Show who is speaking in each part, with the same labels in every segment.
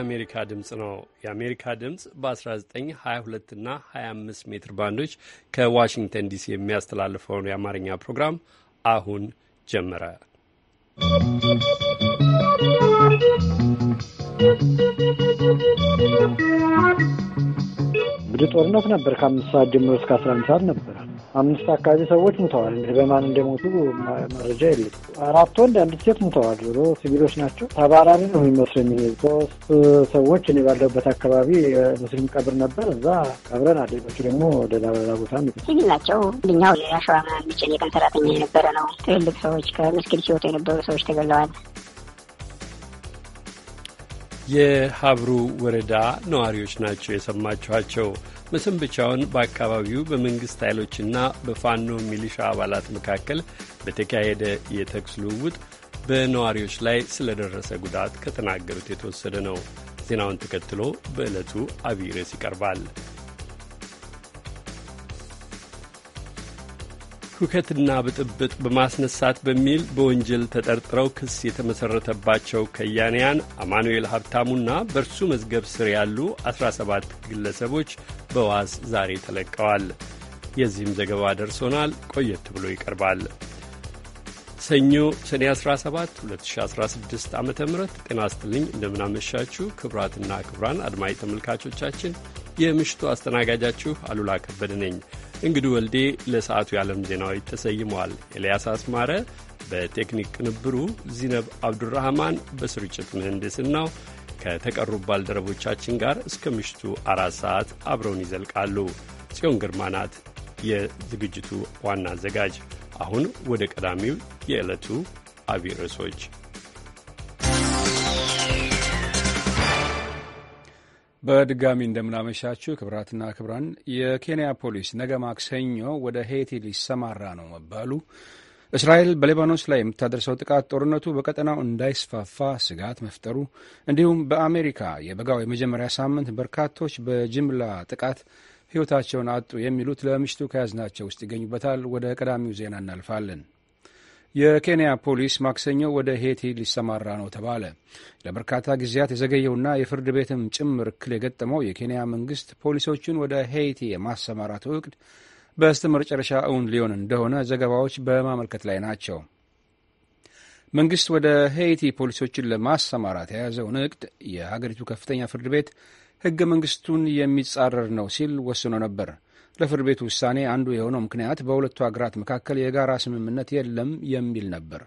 Speaker 1: የአሜሪካ ድምፅ ነው። የአሜሪካ ድምፅ በ1922 እና 25 ሜትር ባንዶች ከዋሽንግተን ዲሲ የሚያስተላልፈውን የአማርኛ ፕሮግራም አሁን ጀመረ። እንግዲህ ጦርነት ነበር።
Speaker 2: ከአምስት ሰዓት ጀምሮ እስከ 11 ሰዓት ነበር። አምስት አካባቢ ሰዎች ሙተዋል። እንግዲህ በማን እንደሞቱ መረጃ የለም። አራት ወንድ፣ አንድ ሴት ሙተዋል ብሎ ሲቪሎች ናቸው። ተባራሪ ነው የሚመስሉ የሚሄድ ሶስት ሰዎች እኔ ባለሁበት አካባቢ ሙስሊም ቀብር ነበር። እዛ ቀብረን አደጎቹ ደግሞ ሌላ ሌላ ቦታ ሚ
Speaker 3: ሲቪል ናቸው። አንደኛው የአሸዋ ሚጭን የቀን ሰራተኛ የነበረ ነው። ትልልቅ ሰዎች ከመስጊድ ሲወጡ የነበሩ ሰዎች ተገለዋል።
Speaker 1: የሀብሩ ወረዳ ነዋሪዎች ናቸው የሰማችኋቸው። መሰንበቻውን በአካባቢው በመንግሥት ኃይሎችና በፋኖ ሚሊሻ አባላት መካከል በተካሄደ የተኩስ ልውውጥ በነዋሪዎች ላይ ስለደረሰ ጉዳት ከተናገሩት የተወሰደ ነው። ዜናውን ተከትሎ በዕለቱ አብይ ርዕስ ይቀርባል። ሁከትና ብጥብጥ በማስነሳት በሚል በወንጀል ተጠርጥረው ክስ የተመሠረተባቸው ከያንያን አማኑኤል ሀብታሙና በእርሱ መዝገብ ስር ያሉ 17 ግለሰቦች በዋስ ዛሬ ተለቀዋል። የዚህም ዘገባ ደርሶናል፣ ቆየት ብሎ ይቀርባል። ሰኞ ሰኔ 17 2016 ዓ ም ጤና ይስጥልኝ። እንደምናመሻችሁ ክቡራትና ክቡራን አድማጭ ተመልካቾቻችን የምሽቱ አስተናጋጃችሁ አሉላ ከበደ ነኝ። እንግዲህ ወልዴ ለሰዓቱ የዓለም ዜናዎች ተሰይመዋል። ኤልያስ አስማረ በቴክኒክ ቅንብሩ፣ ዚነብ አብዱራህማን በስርጭት ምህንድስናው ከተቀሩ ባልደረቦቻችን ጋር እስከ ምሽቱ አራት ሰዓት አብረውን ይዘልቃሉ። ጽዮን ግርማ ናት የዝግጅቱ ዋና አዘጋጅ። አሁን ወደ ቀዳሚው የዕለቱ አብይ ርዕሶች
Speaker 4: በድጋሚ እንደምናመሻችሁ ክብራትና ክብራን። የኬንያ ፖሊስ ነገ ማክሰኞ ወደ ሄይቲ ሊሰማራ ነው መባሉ፣ እስራኤል በሌባኖስ ላይ የምታደርሰው ጥቃት ጦርነቱ በቀጠናው እንዳይስፋፋ ስጋት መፍጠሩ፣ እንዲሁም በአሜሪካ የበጋው የመጀመሪያ ሳምንት በርካቶች በጅምላ ጥቃት ሕይወታቸውን አጡ የሚሉት ለምሽቱ ከያዝናቸው ውስጥ ይገኙበታል። ወደ ቀዳሚው ዜና እናልፋለን። የኬንያ ፖሊስ ማክሰኞ ወደ ሄቲ ሊሰማራ ነው ተባለ። ለበርካታ ጊዜያት የዘገየውና የፍርድ ቤትም ጭምር እክል የገጠመው የኬንያ መንግስት ፖሊሶቹን ወደ ሄይቲ የማሰማራት እቅድ በስተ መጨረሻ እውን ሊሆን እንደሆነ ዘገባዎች በማመልከት ላይ ናቸው። መንግስት ወደ ሄይቲ ፖሊሶችን ለማሰማራት የያዘውን እቅድ የሀገሪቱ ከፍተኛ ፍርድ ቤት ህገ መንግስቱን የሚጻረር ነው ሲል ወስኖ ነበር። ለፍርድ ቤቱ ውሳኔ አንዱ የሆነው ምክንያት በሁለቱ ሀገራት መካከል የጋራ ስምምነት የለም የሚል ነበር።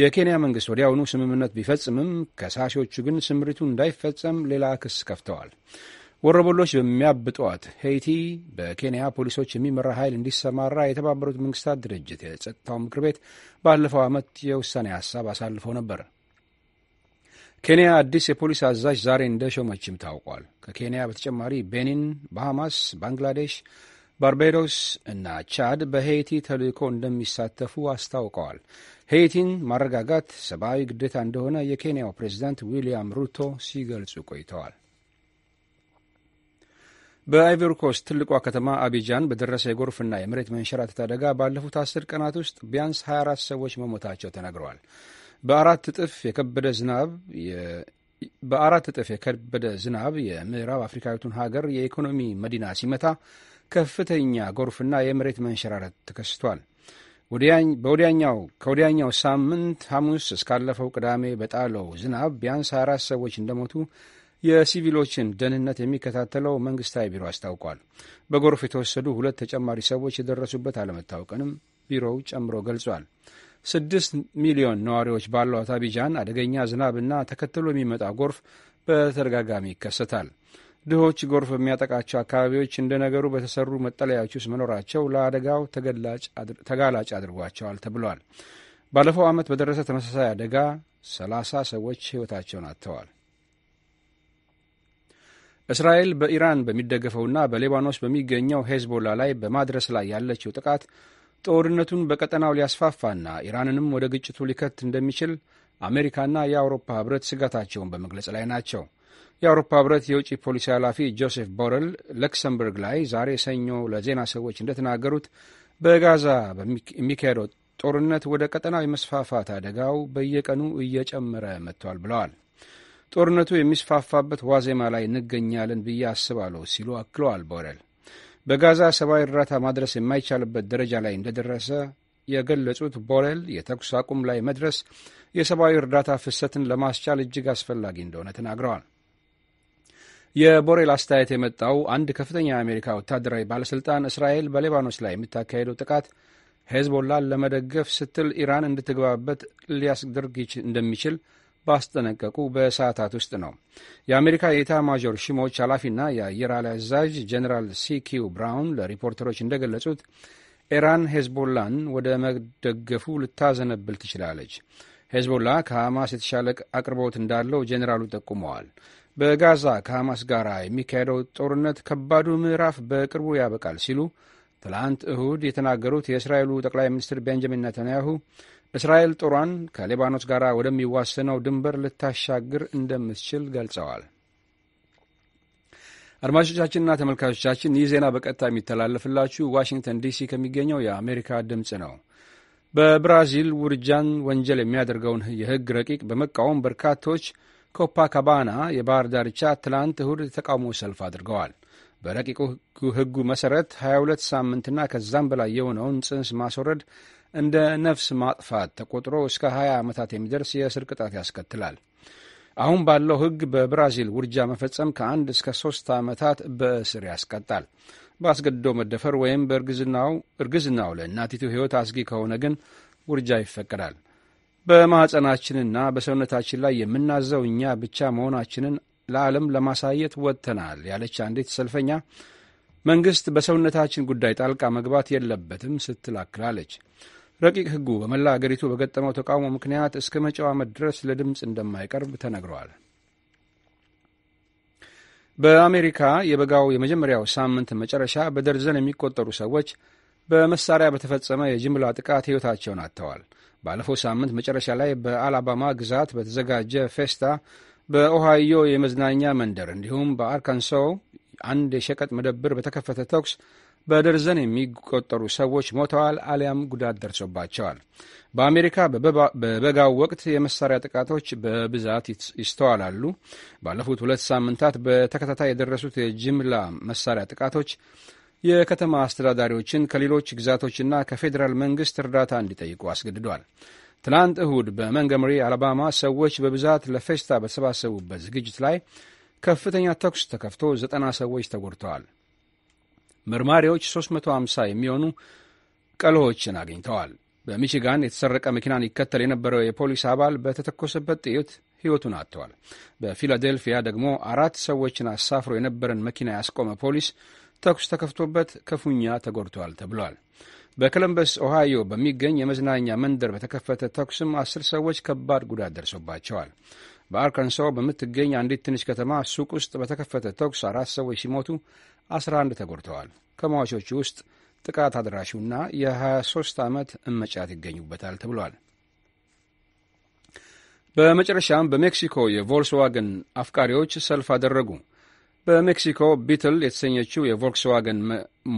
Speaker 4: የኬንያ መንግስት ወዲያውኑ ስምምነት ቢፈጽምም ከሳሾቹ ግን ስምሪቱ እንዳይፈጸም ሌላ ክስ ከፍተዋል። ወረበሎች በሚያብጧት ሄይቲ በኬንያ ፖሊሶች የሚመራ ኃይል እንዲሰማራ የተባበሩት መንግስታት ድርጅት የጸጥታው ምክር ቤት ባለፈው ዓመት የውሳኔ ሀሳብ አሳልፎ ነበር። ኬንያ አዲስ የፖሊስ አዛዥ ዛሬ እንደሾመችም ታውቋል። ከኬንያ በተጨማሪ ቤኒን፣ ባሃማስ፣ ባንግላዴሽ ባርቤዶስ እና ቻድ በሄይቲ ተልእኮ እንደሚሳተፉ አስታውቀዋል። ሄይቲን ማረጋጋት ሰብአዊ ግዴታ እንደሆነ የኬንያው ፕሬዚዳንት ዊልያም ሩቶ ሲገልጹ ቆይተዋል። በአይቨርኮስት ትልቋ ከተማ አቢጃን በደረሰ የጎርፍና የመሬት መንሸራተት አደጋ ባለፉት አስር ቀናት ውስጥ ቢያንስ 24 ሰዎች መሞታቸው ተነግረዋል። በአራት እጥፍ የከበደ ዝናብ በአራት እጥፍ የከበደ ዝናብ የምዕራብ አፍሪካዊቱን ሀገር የኢኮኖሚ መዲና ሲመታ ከፍተኛ ጎርፍና የመሬት መንሸራረት ተከስቷል። ከወዲያኛው ሳምንት ሐሙስ እስካለፈው ቅዳሜ በጣለው ዝናብ ቢያንስ አራት ሰዎች እንደሞቱ የሲቪሎችን ደህንነት የሚከታተለው መንግስታዊ ቢሮ አስታውቋል። በጎርፍ የተወሰዱ ሁለት ተጨማሪ ሰዎች የደረሱበት አለመታወቅንም ቢሮው ጨምሮ ገልጿል። ስድስት ሚሊዮን ነዋሪዎች ባሏት አቢጃን አደገኛ ዝናብና ተከትሎ የሚመጣ ጎርፍ በተደጋጋሚ ይከሰታል። ድሆች ጎርፍ በሚያጠቃቸው አካባቢዎች እንደ ነገሩ በተሰሩ መጠለያዎች ውስጥ መኖራቸው ለአደጋው ተጋላጭ አድርጓቸዋል ተብሏል። ባለፈው ዓመት በደረሰ ተመሳሳይ አደጋ 30 ሰዎች ሕይወታቸውን አጥተዋል። እስራኤል በኢራን በሚደገፈውና በሌባኖስ በሚገኘው ሄዝቦላ ላይ በማድረስ ላይ ያለችው ጥቃት ጦርነቱን በቀጠናው ሊያስፋፋና ኢራንንም ወደ ግጭቱ ሊከት እንደሚችል አሜሪካና የአውሮፓ ህብረት ስጋታቸውን በመግለጽ ላይ ናቸው። የአውሮፓ ህብረት የውጭ ፖሊሲ ኃላፊ ጆሴፍ ቦረል ለክሰምበርግ ላይ ዛሬ ሰኞ ለዜና ሰዎች እንደተናገሩት በጋዛ የሚካሄደው ጦርነት ወደ ቀጠናዊ መስፋፋት አደጋው በየቀኑ እየጨመረ መጥቷል ብለዋል። ጦርነቱ የሚስፋፋበት ዋዜማ ላይ እንገኛለን ብዬ አስባለሁ ሲሉ አክለዋል ቦረል። በጋዛ ሰብአዊ እርዳታ ማድረስ የማይቻልበት ደረጃ ላይ እንደደረሰ የገለጹት ቦረል የተኩስ አቁም ላይ መድረስ የሰብአዊ እርዳታ ፍሰትን ለማስቻል እጅግ አስፈላጊ እንደሆነ ተናግረዋል። የቦሬል አስተያየት የመጣው አንድ ከፍተኛ የአሜሪካ ወታደራዊ ባለሥልጣን እስራኤል በሌባኖስ ላይ የምታካሄደው ጥቃት ሄዝቦላን ለመደገፍ ስትል ኢራን እንድትግባበት ሊያስደርግ እንደሚችል ባስጠነቀቁ በሰዓታት ውስጥ ነው። የአሜሪካ የኢታ ማዦር ሽሞች ኃላፊና የአየር ኃይል አዛዥ ጀኔራል ሲኪው ብራውን ለሪፖርተሮች እንደገለጹት ኢራን ሄዝቦላን ወደ መደገፉ ልታዘነብል ትችላለች። ሄዝቦላ ከሐማስ የተሻለ አቅርቦት እንዳለው ጀኔራሉ ጠቁመዋል። በጋዛ ከሐማስ ጋር የሚካሄደው ጦርነት ከባዱ ምዕራፍ በቅርቡ ያበቃል ሲሉ ትላንት እሁድ የተናገሩት የእስራኤሉ ጠቅላይ ሚኒስትር ቤንጃሚን ነተንያሁ እስራኤል ጦሯን ከሌባኖስ ጋር ወደሚዋሰነው ድንበር ልታሻግር እንደምትችል ገልጸዋል። አድማጮቻችንና ተመልካቾቻችን ይህ ዜና በቀጥታ የሚተላለፍላችሁ ዋሽንግተን ዲሲ ከሚገኘው የአሜሪካ ድምፅ ነው። በብራዚል ውርጃን ወንጀል የሚያደርገውን የሕግ ረቂቅ በመቃወም በርካቶች ኮፓ ካባና የባህር ዳርቻ ትላንት እሁድ የተቃውሞ ሰልፍ አድርገዋል። በረቂቁ ሕጉ መሠረት 22 ሳምንትና ከዛም በላይ የሆነውን ጽንስ ማስወረድ እንደ ነፍስ ማጥፋት ተቆጥሮ እስከ 20 ዓመታት የሚደርስ የእስር ቅጣት ያስከትላል። አሁን ባለው ሕግ በብራዚል ውርጃ መፈጸም ከአንድ እስከ ሦስት ዓመታት በእስር ያስቀጣል። በአስገድዶ መደፈር ወይም በእርግዝናው ለእናቲቱ ሕይወት አስጊ ከሆነ ግን ውርጃ ይፈቀዳል። በማኅፀናችንና በሰውነታችን ላይ የምናዘው እኛ ብቻ መሆናችንን ለዓለም ለማሳየት ወጥተናል ያለች አንዲት ሰልፈኛ መንግሥት በሰውነታችን ጉዳይ ጣልቃ መግባት የለበትም ስትል አክላለች። ረቂቅ ሕጉ በመላ አገሪቱ በገጠመው ተቃውሞ ምክንያት እስከ መጪው ዓመት ድረስ ለድምፅ እንደማይቀርብ ተነግረዋል። በአሜሪካ የበጋው የመጀመሪያው ሳምንት መጨረሻ በደርዘን የሚቆጠሩ ሰዎች በመሳሪያ በተፈጸመ የጅምላ ጥቃት ሕይወታቸውን አጥተዋል። ባለፈው ሳምንት መጨረሻ ላይ በአላባማ ግዛት በተዘጋጀ ፌስታ፣ በኦሃዮ የመዝናኛ መንደር እንዲሁም በአርካንሳው አንድ የሸቀጥ መደብር በተከፈተ ተኩስ በደርዘን የሚቆጠሩ ሰዎች ሞተዋል አሊያም ጉዳት ደርሶባቸዋል። በአሜሪካ በበጋው ወቅት የመሳሪያ ጥቃቶች በብዛት ይስተዋላሉ። ባለፉት ሁለት ሳምንታት በተከታታይ የደረሱት የጅምላ መሳሪያ ጥቃቶች የከተማ አስተዳዳሪዎችን ከሌሎች ግዛቶችና ከፌዴራል መንግሥት እርዳታ እንዲጠይቁ አስገድዷል። ትናንት እሁድ በመንገምሪ አላባማ ሰዎች በብዛት ለፌስታ በተሰባሰቡበት ዝግጅት ላይ ከፍተኛ ተኩስ ተከፍቶ ዘጠና ሰዎች ተጎድተዋል። መርማሪዎች 350 የሚሆኑ ቀለዎችን አግኝተዋል። በሚችጋን የተሰረቀ መኪናን ይከተል የነበረው የፖሊስ አባል በተተኮሰበት ጥይት ሕይወቱን አጥተዋል። በፊላዴልፊያ ደግሞ አራት ሰዎችን አሳፍሮ የነበረን መኪና ያስቆመ ፖሊስ ተኩስ ተከፍቶበት ክፉኛ ተጎድተዋል ተብሏል። በኮለምበስ ኦሃዮ በሚገኝ የመዝናኛ መንደር በተከፈተ ተኩስም አስር ሰዎች ከባድ ጉዳት ደርሶባቸዋል። በአርካንሶ በምትገኝ አንዲት ትንሽ ከተማ ሱቅ ውስጥ በተከፈተ ተኩስ አራት ሰዎች ሲሞቱ 11 ተጎድተዋል። ከሟቾቹ ውስጥ ጥቃት አድራሹና የ23 ዓመት እመጫት ይገኙበታል ተብሏል። በመጨረሻም በሜክሲኮ የቮልስዋገን አፍቃሪዎች ሰልፍ አደረጉ። በሜክሲኮ ቢትል የተሰኘችው የቮልክስዋገን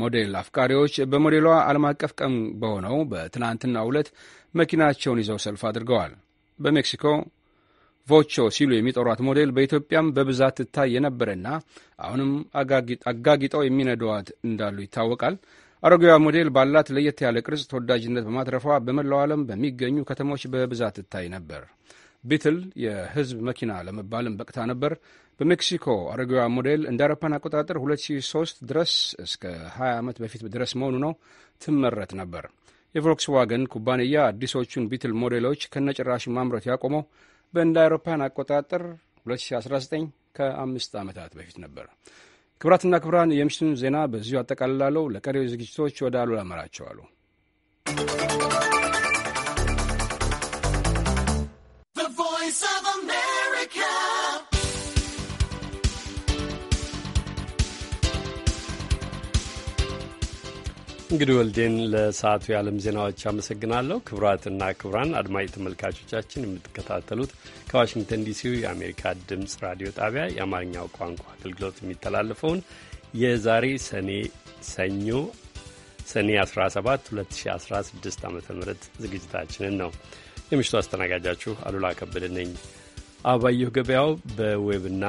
Speaker 4: ሞዴል አፍቃሪዎች በሞዴሏ ዓለም አቀፍ ቀን በሆነው በትናንትናው ዕለት መኪናቸውን ይዘው ሰልፍ አድርገዋል። በሜክሲኮ ቮቾ ሲሉ የሚጠሯት ሞዴል በኢትዮጵያም በብዛት ትታይ የነበረና አሁንም አጋጊጠው የሚነደዋት እንዳሉ ይታወቃል። አሮጌዋ ሞዴል ባላት ለየት ያለ ቅርጽ ተወዳጅነት በማትረፏ በመላው ዓለም በሚገኙ ከተሞች በብዛት ትታይ ነበር። ቢትል የህዝብ መኪና ለመባልም በቅታ ነበር። በሜክሲኮ አረጋዋ ሞዴል እንደ አውሮፓውያን አቆጣጠር 2003 ድረስ እስከ 20 ዓመት በፊት ድረስ መሆኑ ነው ትመረት ነበር። የቮልክስዋገን ኩባንያ አዲሶቹን ቢትል ሞዴሎች ከነጭራሽ ማምረት ያቆመው በእንደ አውሮፓን አቆጣጠር 2019 ከአምስት ዓመታት በፊት ነበር። ክብራትና ክብራን የምሽቱን ዜና በዚሁ አጠቃልላለሁ። ለቀሪው ዝግጅቶች ወደ አሉላ መራቸዋሉ።
Speaker 1: እንግዲህ ወልዴን ለሰዓቱ የዓለም ዜናዎች አመሰግናለሁ። ክቡራትና ክቡራን አድማጭ ተመልካቾቻችን የምትከታተሉት ከዋሽንግተን ዲሲ የአሜሪካ ድምፅ ራዲዮ ጣቢያ የአማርኛው ቋንቋ አገልግሎት የሚተላለፈውን የዛሬ ሰኔ ሰኞ ሰኔ 17 2016 ዓ ም ዝግጅታችንን ነው። የምሽቱ አስተናጋጃችሁ አሉላ ከበደ ነኝ። አባየሁ ገበያው በዌብና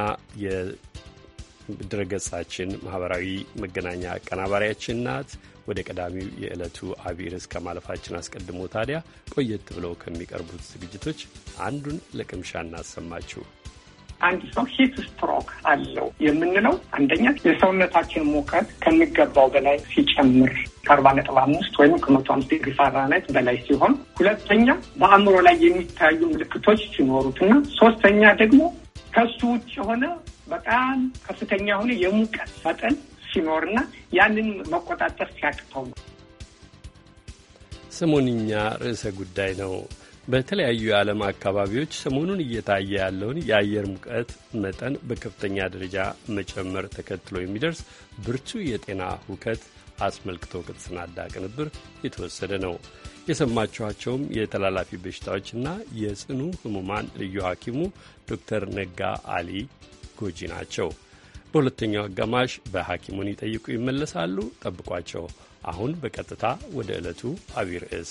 Speaker 1: የድረገጻችን ማህበራዊ መገናኛ አቀናባሪያችን ናት። ወደ ቀዳሚው የዕለቱ አብይ ርዕስ ከማለፋችን አስቀድሞ ታዲያ ቆየት ብለው ከሚቀርቡት ዝግጅቶች አንዱን ለቅምሻ እናሰማችሁ። አንድ ሰው ሂት
Speaker 5: ስትሮክ አለው የምንለው አንደኛ የሰውነታችን ሙቀት ከሚገባው በላይ ሲጨምር ከአርባ ነጥብ አምስት ወይም ከመቶ አምስት ዲግሪ ፋራናይት በላይ ሲሆን፣ ሁለተኛ በአእምሮ ላይ የሚታዩ ምልክቶች ሲኖሩት እና ሶስተኛ ደግሞ ከሱ ውጭ የሆነ በጣም ከፍተኛ የሆነ የሙቀት መጠን ሲኖርና ያንን መቆጣጠር ሲያቅተው ነው።
Speaker 1: ሰሞንኛ ርዕሰ ጉዳይ ነው። በተለያዩ የዓለም አካባቢዎች ሰሞኑን እየታየ ያለውን የአየር ሙቀት መጠን በከፍተኛ ደረጃ መጨመር ተከትሎ የሚደርስ ብርቱ የጤና ሁከት አስመልክቶ ከተሰናዳ ቅንብር የተወሰደ ነው። የሰማችኋቸውም የተላላፊ በሽታዎችና የጽኑ ህሙማን ልዩ ሐኪሙ ዶክተር ነጋ አሊ ጎጂ ናቸው። በሁለተኛው አጋማሽ በሐኪሙን ይጠይቁ ይመለሳሉ። ጠብቋቸው። አሁን በቀጥታ ወደ ዕለቱ አቢይ ርዕስ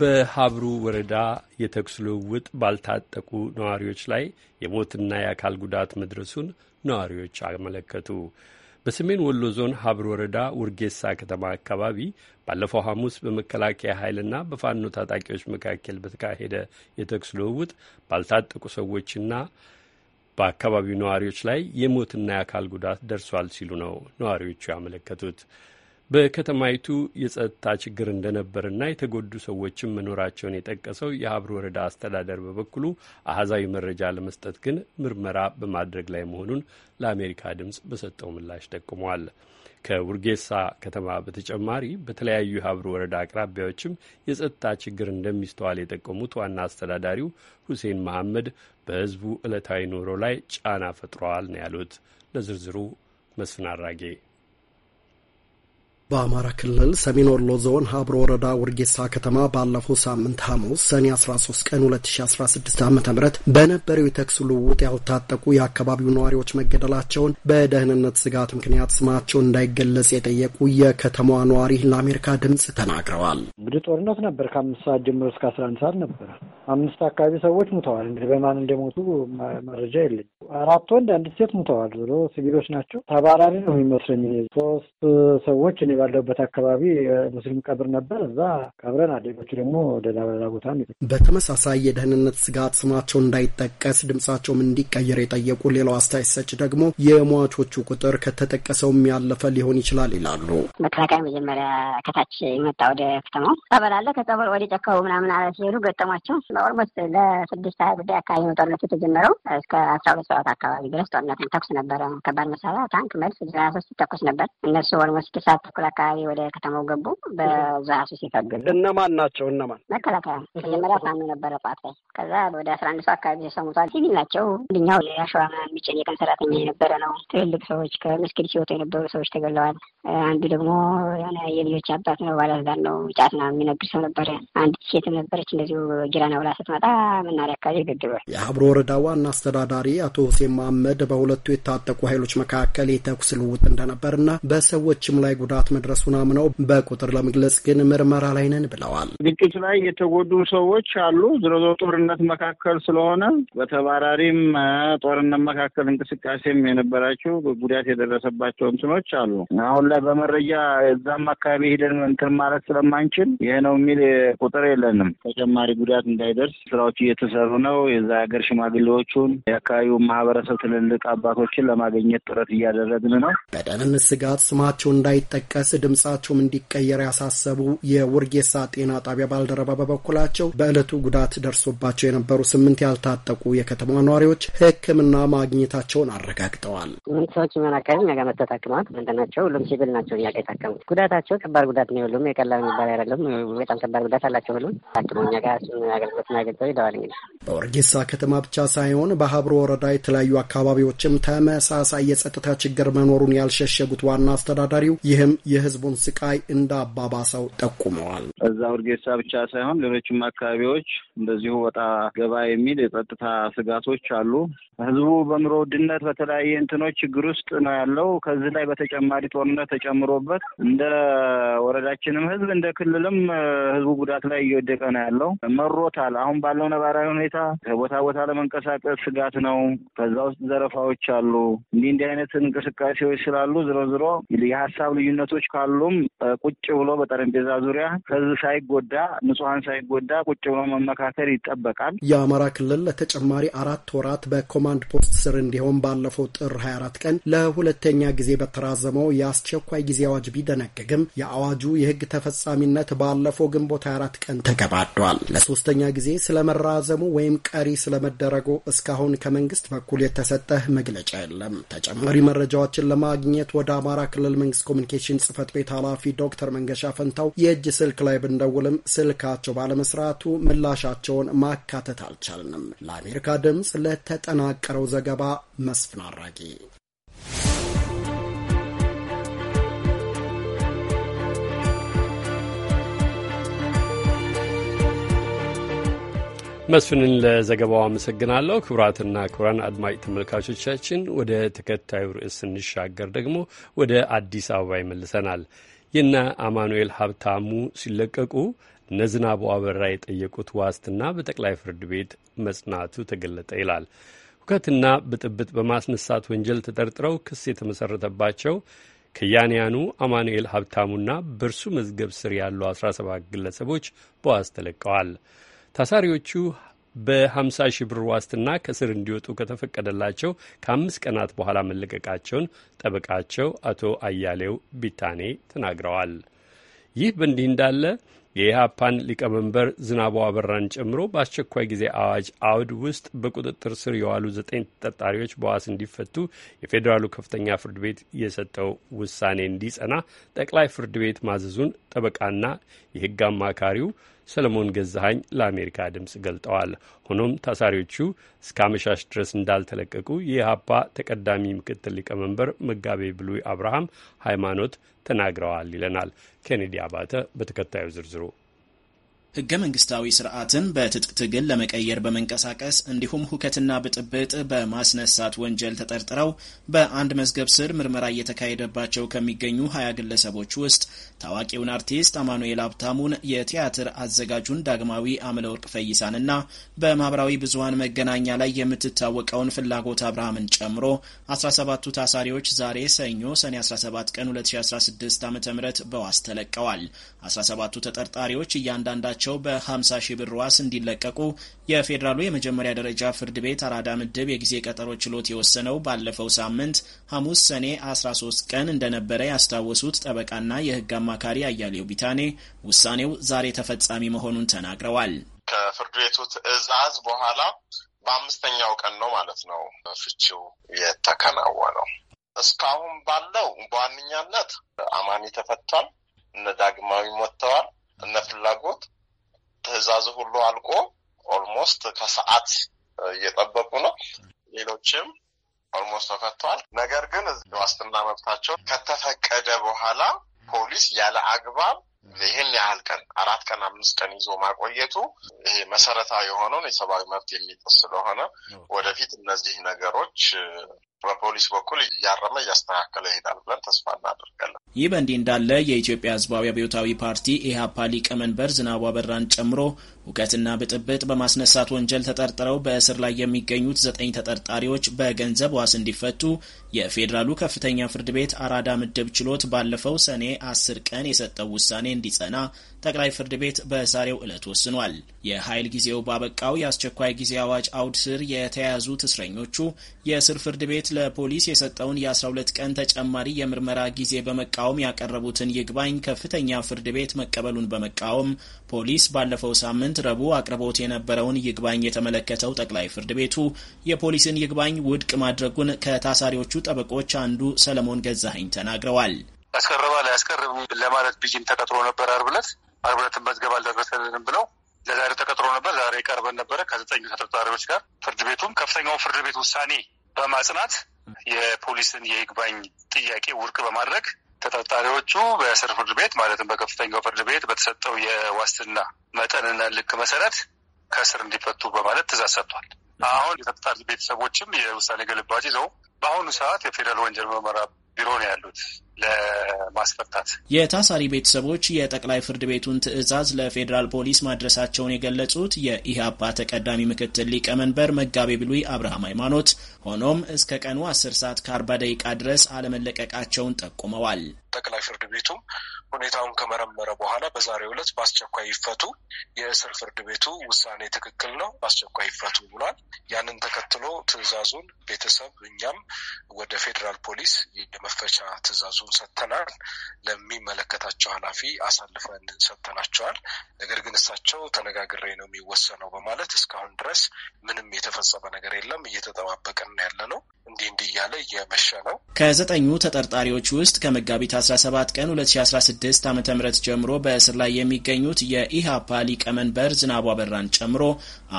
Speaker 1: በሀብሩ ወረዳ የተኩስ ልውውጥ ባልታጠቁ ነዋሪዎች ላይ የሞትና የአካል ጉዳት መድረሱን ነዋሪዎች አመለከቱ። በሰሜን ወሎ ዞን ሀብር ወረዳ ውርጌሳ ከተማ አካባቢ ባለፈው ሐሙስ በመከላከያ ኃይልና በፋኖ ታጣቂዎች መካከል በተካሄደ የተኩስ ልውውጥ ባልታጠቁ ሰዎችና በአካባቢው ነዋሪዎች ላይ የሞትና የአካል ጉዳት ደርሷል ሲሉ ነው ነዋሪዎቹ ያመለከቱት። በከተማይቱ የጸጥታ ችግር እንደነበርና የተጎዱ ሰዎችም መኖራቸውን የጠቀሰው የሀብር ወረዳ አስተዳደር በበኩሉ አሃዛዊ መረጃ ለመስጠት ግን ምርመራ በማድረግ ላይ መሆኑን ለአሜሪካ ድምፅ በሰጠው ምላሽ ጠቁሟል። ከውርጌሳ ከተማ በተጨማሪ በተለያዩ የሀብር ወረዳ አቅራቢያዎችም የጸጥታ ችግር እንደሚስተዋል የጠቀሙት ዋና አስተዳዳሪው ሁሴን መሐመድ በህዝቡ ዕለታዊ ኑሮ ላይ ጫና ፈጥረዋል ነው ያሉት። ለዝርዝሩ መስፍን አራጌ
Speaker 6: በአማራ ክልል ሰሜን ወሎ ዞን ሀብሮ ወረዳ ውርጌሳ ከተማ ባለፈው ሳምንት ሐሙስ ሰኔ 13 ቀን 2016 ዓ ም በነበረው የተኩስ ልውውጥ ያልታጠቁ የአካባቢው ነዋሪዎች መገደላቸውን በደህንነት ስጋት ምክንያት ስማቸው እንዳይገለጽ የጠየቁ የከተማዋ ነዋሪ ለአሜሪካ ድምፅ ተናግረዋል።
Speaker 2: እንግዲህ ጦርነት ነበር። ከአምስት ሰዓት ጀምሮ እስከ 11 ሰዓት ነበረ። አምስት አካባቢ ሰዎች ሙተዋል። እንግዲህ በማን እንደሞቱ መረጃ የለኝ። አራት ወንድ አንድ ሴት ሙተዋል ብሎ ሲቪሎች ናቸው። ተባራሪ ነው የሚመስለኝ ሶስት ሰዎች እኔ ባለሁበት አካባቢ ሙስሊም ቀብር ነበር። እዛ ቀብረን አደጎቹ ደግሞ ወደ ላበላ ቦታ።
Speaker 6: በተመሳሳይ የደህንነት ስጋት ስማቸው እንዳይጠቀስ ድምጻቸውም እንዲቀየር የጠየቁ ሌላው አስተያየት ሰጭ ደግሞ የሟቾቹ ቁጥር ከተጠቀሰውም ያለፈ ሊሆን ይችላል ይላሉ።
Speaker 3: መከላከያ መጀመሪያ ከታች መጣ ወደ ከተማው ጸበል አለ። ከጸበል ወደ ጨካው ምናምን አለ ሲሄዱ ገጠሟቸው። ኦልሞስት ለስድስት ሀያ ጉዳይ አካባቢ ነው ጦርነቱ የተጀመረው። እስከ አስራ ሁለት ሰዓት አካባቢ ድረስ ጦርነት ተኩስ ነበረ። ከባድ መሳሪያ፣ ታንክ፣ መልስ ሀያ ሶስት ተኩስ ነበር። እነሱ ኦልሞስት ሰዓት ተኩል መከላከል አካባቢ ወደ ከተማው ገቡ። በዛ ሱስ ይፈግዱ። እነማን ናቸው? እነማን መከላከያ መጀመሪያ ፋኖ ነበረ ጧት ላይ። ከዛ ወደ አስራ አንድ ሰው አካባቢ ተሰሙቷል። ሲቪል ናቸው። ድኛው የአሸዋ ሚጭን የቀን ሰራተኛ የነበረ ነው። ትልልቅ ሰዎች ከመስጊድ ሲወጡ የነበሩ ሰዎች ተገለዋል። አንዱ ደግሞ የሆነ የልጆች አባት ነው፣ ባለትዳር ነው። ጫት ነው የሚነግድ ሰው ነበረ። አንድ ሴት ነበረች እንደዚሁ ጊራና ብላ ስትመጣ መናሪያ አካባቢ ገድሏል።
Speaker 6: የሀብሮ ወረዳ ዋና አስተዳዳሪ አቶ ሁሴን መሐመድ በሁለቱ የታጠቁ ኃይሎች መካከል የተኩስ ልውውጥ እንደነበርና በሰዎችም ላይ ጉዳት መድረሱን አምነው በቁጥር ለመግለጽ ግን ምርመራ ላይ ነን ብለዋል።
Speaker 7: ግጭት ላይ የተጎዱ ሰዎች አሉ። ዞሮ ዞሮ ጦርነት መካከል ስለሆነ በተባራሪም ጦርነት መካከል እንቅስቃሴም የነበራቸው ጉዳት የደረሰባቸው እንትኖች አሉ። አሁን ላይ በመረጃ እዛም አካባቢ ሄደን እንትን ማለት ስለማንችል ይህ ነው የሚል ቁጥር የለንም። ተጨማሪ ጉዳት እንዳይደርስ ስራዎች እየተሰሩ ነው። የዛ ሀገር ሽማግሌዎቹን የአካባቢው ማህበረሰብ ትልልቅ አባቶችን ለማግኘት ጥረት እያደረግን
Speaker 6: ነው። በደህንነት ስጋት ስማቸው እንዳይጠቀስ በመጥቀስ ድምጻቸውም እንዲቀየር ያሳሰቡ የውርጌሳ ጤና ጣቢያ ባልደረባ በበኩላቸው በዕለቱ ጉዳት ደርሶባቸው የነበሩ ስምንት ያልታጠቁ የከተማ ነዋሪዎች ሕክምና ማግኘታቸውን አረጋግጠዋል።
Speaker 8: ስምንት ሰዎች የሚሆን አካባቢ እኛ
Speaker 3: ጋር መጥተው ታክመዋል። ምንድን ናቸው? ሁሉም ሲቪል ናቸው። እኛ ጋር የታከሙት ጉዳታቸው ከባድ ጉዳት ነው። ሁሉም የቀላል የሚባል አይደለም። በጣም ከባድ ጉዳት አላቸው። ሁሉም ታክመው እኛ ጋር አገልግሎት አግኝተው ሄደዋል። እንግዲህ
Speaker 6: በወርጌሳ ከተማ ብቻ ሳይሆን በሀብሮ ወረዳ የተለያዩ አካባቢዎችም ተመሳሳይ የጸጥታ ችግር መኖሩን ያልሸሸጉት ዋና አስተዳዳሪው ይህም የህዝቡን ስቃይ እንዳባባሰው
Speaker 2: ጠቁመዋል።
Speaker 7: እዛ ውርጌሳ ብቻ ሳይሆን ሌሎችም አካባቢዎች እንደዚሁ ወጣ ገባ የሚል የጸጥታ ስጋቶች አሉ። ህዝቡ በኑሮ ውድነት በተለያየ እንትኖች ችግር ውስጥ ነው ያለው። ከዚህ ላይ በተጨማሪ ጦርነት ተጨምሮበት እንደ ወረዳችንም ህዝብ እንደ ክልልም ህዝቡ ጉዳት ላይ እየወደቀ ነው ያለው። መሮታል። አሁን ባለው ነባራዊ ሁኔታ ከቦታ ቦታ ለመንቀሳቀስ ስጋት ነው። ከዛ ውስጥ ዘረፋዎች አሉ። እንዲህ እንዲህ አይነት እንቅስቃሴዎች ስላሉ ዝሮ ዝሮ የሀሳብ ልዩነቶች ችግሮች ካሉም ቁጭ ብሎ በጠረጴዛ ዙሪያ ህዝብ ሳይጎዳ ንጹሐን ሳይጎዳ ቁጭ ብሎ መመካከል ይጠበቃል።
Speaker 6: የአማራ ክልል ለተጨማሪ አራት ወራት በኮማንድ ፖስት ስር እንዲሆን ባለፈው ጥር 24 ቀን ለሁለተኛ ጊዜ በተራዘመው የአስቸኳይ ጊዜ አዋጅ ቢደነግግም የአዋጁ የህግ ተፈጻሚነት ባለፈው ግንቦት 24 ቀን ተገባዷል። ለሶስተኛ ጊዜ ስለመራዘሙ ወይም ቀሪ ስለመደረጉ እስካሁን ከመንግስት በኩል የተሰጠ መግለጫ የለም። ተጨማሪ መረጃዎችን ለማግኘት ወደ አማራ ክልል መንግስት ኮሚኒኬሽን ጽህፈት ቤት ኃላፊ ዶክተር መንገሻ ፈንታው የእጅ ስልክ ላይ ብንደውልም ስልካቸው ባለመስራቱ ምላሻቸውን ማካተት አልቻልንም። ለአሜሪካ ድምፅ ለተጠናቀረው ዘገባ መስፍን አራጌ
Speaker 1: መስፍንን ለዘገባው አመሰግናለሁ። ክቡራትና ክቡራን አድማጭ ተመልካቾቻችን ወደ ተከታዩ ርዕስ ስንሻገር ደግሞ ወደ አዲስ አበባ ይመልሰናል። የነ አማኑኤል ሀብታሙ ሲለቀቁ እነ ዝናቡ አበራ የጠየቁት ዋስትና በጠቅላይ ፍርድ ቤት መጽናቱ ተገለጠ ይላል። ሁከትና ብጥብጥ በማስነሳት ወንጀል ተጠርጥረው ክስ የተመሰረተባቸው ከያንያኑ አማኑኤል ሀብታሙና በእርሱ መዝገብ ስር ያሉ 17 ግለሰቦች በዋስ ተለቀዋል። ታሳሪዎቹ በ50 ሺህ ብር ዋስትና ከስር እንዲወጡ ከተፈቀደላቸው ከአምስት ቀናት በኋላ መለቀቃቸውን ጠበቃቸው አቶ አያሌው ቢታኔ ተናግረዋል። ይህ በእንዲህ እንዳለ የኢህአፓን ሊቀመንበር ዝናቡ አበራን ጨምሮ በአስቸኳይ ጊዜ አዋጅ አውድ ውስጥ በቁጥጥር ስር የዋሉ ዘጠኝ ተጠርጣሪዎች በዋስ እንዲፈቱ የፌዴራሉ ከፍተኛ ፍርድ ቤት የሰጠው ውሳኔ እንዲጸና ጠቅላይ ፍርድ ቤት ማዘዙን ጠበቃና የህግ አማካሪው ሰለሞን ገዛሀኝ ለአሜሪካ ድምፅ ገልጠዋል። ሆኖም ታሳሪዎቹ እስከ አመሻሽ ድረስ እንዳልተለቀቁ የኢህአፓ ተቀዳሚ ምክትል ሊቀመንበር መጋቤ ብሉይ አብርሃም ሃይማኖት ተናግረዋል ይለናል። ኬኔዲ አባተ በተከታዩ ዝርዝሩ
Speaker 9: ህገ መንግስታዊ ስርዓትን በትጥቅ ትግል ለመቀየር በመንቀሳቀስ እንዲሁም ሁከትና ብጥብጥ በማስነሳት ወንጀል ተጠርጥረው በአንድ መዝገብ ስር ምርመራ እየተካሄደባቸው ከሚገኙ ሀያ ግለሰቦች ውስጥ ታዋቂውን አርቲስት አማኑኤል ሀብታሙን የቲያትር አዘጋጁን ዳግማዊ አምለወርቅ ፈይሳንና በማህበራዊ ብዙሀን መገናኛ ላይ የምትታወቀውን ፍላጎት አብርሃምን ጨምሮ 17ቱ ታሳሪዎች ዛሬ ሰኞ ሰኔ 17 ቀን 2016 ዓ ም በዋስ ተለቀዋል። 17ቱ ተጠርጣሪዎች እያንዳንዳቸው በመሆናቸው በ50 ሺህ ብር ዋስ እንዲለቀቁ የፌዴራሉ የመጀመሪያ ደረጃ ፍርድ ቤት አራዳ ምድብ የጊዜ ቀጠሮ ችሎት የወሰነው ባለፈው ሳምንት ሐሙስ ሰኔ 13 ቀን እንደነበረ ያስታወሱት ጠበቃና የሕግ አማካሪ አያሌው ቢታኔ ውሳኔው ዛሬ ተፈጻሚ መሆኑን ተናግረዋል።
Speaker 7: ከፍርድ ቤቱ ትዕዛዝ በኋላ በአምስተኛው ቀን ነው ማለት ነው ፍቺው የተከናወነው። እስካሁን ባለው በዋነኛነት አማኒ ተፈቷል። እነ ዳግማዊ ሞተዋል። እነ ፍላጎት ትዕዛዙ ሁሉ አልቆ ኦልሞስት ከሰዓት እየጠበቁ ነው። ሌሎችም ኦልሞስት ተፈተዋል። ነገር ግን ዋስትና መብታቸው ከተፈቀደ በኋላ ፖሊስ ያለ አግባብ ይህን ያህል ቀን አራት ቀን አምስት ቀን ይዞ ማቆየቱ ይሄ መሰረታዊ የሆነውን የሰብአዊ መብት የሚጥስ ስለሆነ ወደፊት እነዚህ ነገሮች በፖሊስ በኩል እያረመ እያስተካከለ ይሄዳል
Speaker 9: ብለን ተስፋ እናደርጋለን። ይህ በእንዲህ እንዳለ የኢትዮጵያ ሕዝባዊ አብዮታዊ ፓርቲ ኢህአፓ ሊቀመንበር ዝናቡ አበራን ጨምሮ ሁከትና ብጥብጥ በማስነሳት ወንጀል ተጠርጥረው በእስር ላይ የሚገኙት ዘጠኝ ተጠርጣሪዎች በገንዘብ ዋስ እንዲፈቱ የፌዴራሉ ከፍተኛ ፍርድ ቤት አራዳ ምድብ ችሎት ባለፈው ሰኔ አስር ቀን የሰጠው ውሳኔ እንዲጸና ጠቅላይ ፍርድ ቤት በዛሬው ዕለት ወስኗል። የኃይል ጊዜው ባበቃው የአስቸኳይ ጊዜ አዋጅ አውድ ስር የተያያዙት እስረኞቹ የስር ፍርድ ቤት ለፖሊስ የሰጠውን የ12 ቀን ተጨማሪ የምርመራ ጊዜ በመቃወም ያቀረቡትን ይግባኝ ከፍተኛ ፍርድ ቤት መቀበሉን በመቃወም ፖሊስ ባለፈው ሳምንት ረቡዕ አቅርቦት የነበረውን ይግባኝ የተመለከተው ጠቅላይ ፍርድ ቤቱ የፖሊስን ይግባኝ ውድቅ ማድረጉን ከታሳሪዎቹ ጠበቆች አንዱ ሰለሞን ገዛኸኝ ተናግረዋል።
Speaker 10: ላይ አስቀርብ ለማለት ብይን ተቀጥሮ ነበር አርብ ዕለት አርብለትን መዝገብ አልደረሰልንም ብለው ለዛሬ ተቀጥሮ ነበር። ዛሬ ቀርበን ነበረ ከዘጠኝ ተጠርጣሪዎች ጋር ፍርድ ቤቱም ከፍተኛውን ፍርድ ቤት ውሳኔ በማጽናት የፖሊስን የይግባኝ ጥያቄ ውድቅ በማድረግ ተጠርጣሪዎቹ በስር ፍርድ ቤት ማለትም በከፍተኛው ፍርድ ቤት በተሰጠው የዋስትና መጠንና ልክ መሰረት ከስር እንዲፈቱ በማለት ትእዛዝ ሰጥቷል። አሁን የተጠርጣሪ ቤተሰቦችም የውሳኔ ግልባጭ ይዘው በአሁኑ ሰዓት የፌዴራል ወንጀል ምርመራ ቢሮ ነው ያሉት።
Speaker 9: ለማስፈታት የታሳሪ ቤተሰቦች የጠቅላይ ፍርድ ቤቱን ትዕዛዝ ለፌዴራል ፖሊስ ማድረሳቸውን የገለጹት የኢህአፓ ተቀዳሚ ምክትል ሊቀመንበር መጋቤ ብሉይ አብርሃም ሃይማኖት፣ ሆኖም እስከ ቀኑ አስር ሰዓት ከአርባ ደቂቃ ድረስ አለመለቀቃቸውን ጠቁመዋል። ጠቅላይ ፍርድ ቤቱ ሁኔታውን ከመረመረ በኋላ በዛሬ ዕለት በአስቸኳይ ይፈቱ፣
Speaker 10: የእስር ፍርድ ቤቱ ውሳኔ ትክክል ነው፣ በአስቸኳይ ይፈቱ ብሏል። ያንን
Speaker 4: ተከትሎ ትዕዛዙን ቤተሰብ እኛም ወደ ፌዴራል ፖሊስ የመፈቻ
Speaker 11: ትዕዛዙን ሰጥተናል። ለሚመለከታቸው ያላቸው ኃላፊ አሳልፈን ሰጥተናቸዋል። ነገር ግን እሳቸው ተነጋግሬ ነው የሚወሰነው በማለት እስካሁን ድረስ ምንም
Speaker 9: የተፈጸመ ነገር የለም። እየተጠባበቅን ያለ ነው። እንዲህ እንዲህ እያለ እየመሸ ነው። ከዘጠኙ ተጠርጣሪዎች ውስጥ ከመጋቢት 17 ቀን 2016 ዓ ም ጀምሮ በእስር ላይ የሚገኙት የኢሃፓ ሊቀመንበር ዝናቡ አበራን ጨምሮ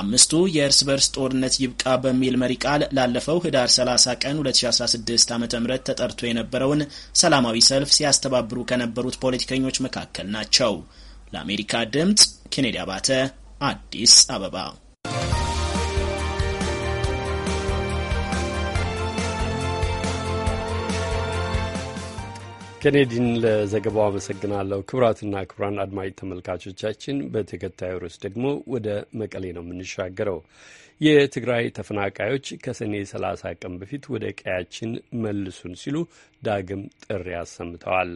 Speaker 9: አምስቱ የእርስ በርስ ጦርነት ይብቃ በሚል መሪ ቃል ላለፈው ህዳር 30 ቀን 2016 ዓ ም ተጠርቶ የነበረውን ሰላማዊ ሰልፍ ሲያስተባብሩ ከነበሩት ፖለቲከ ስደተኞች መካከል ናቸው። ለአሜሪካ ድምፅ ኬኔዲ አባተ አዲስ አበባ።
Speaker 1: ኬኔዲን ለዘገባው አመሰግናለሁ። ክቡራትና ክቡራን አድማጭ ተመልካቾቻችን በተከታዩ ርዕስ ደግሞ ወደ መቀሌ ነው የምንሻገረው። የትግራይ ተፈናቃዮች ከሰኔ 30 ቀን በፊት ወደ ቀያችን መልሱን ሲሉ ዳግም ጥሪ አሰምተዋል።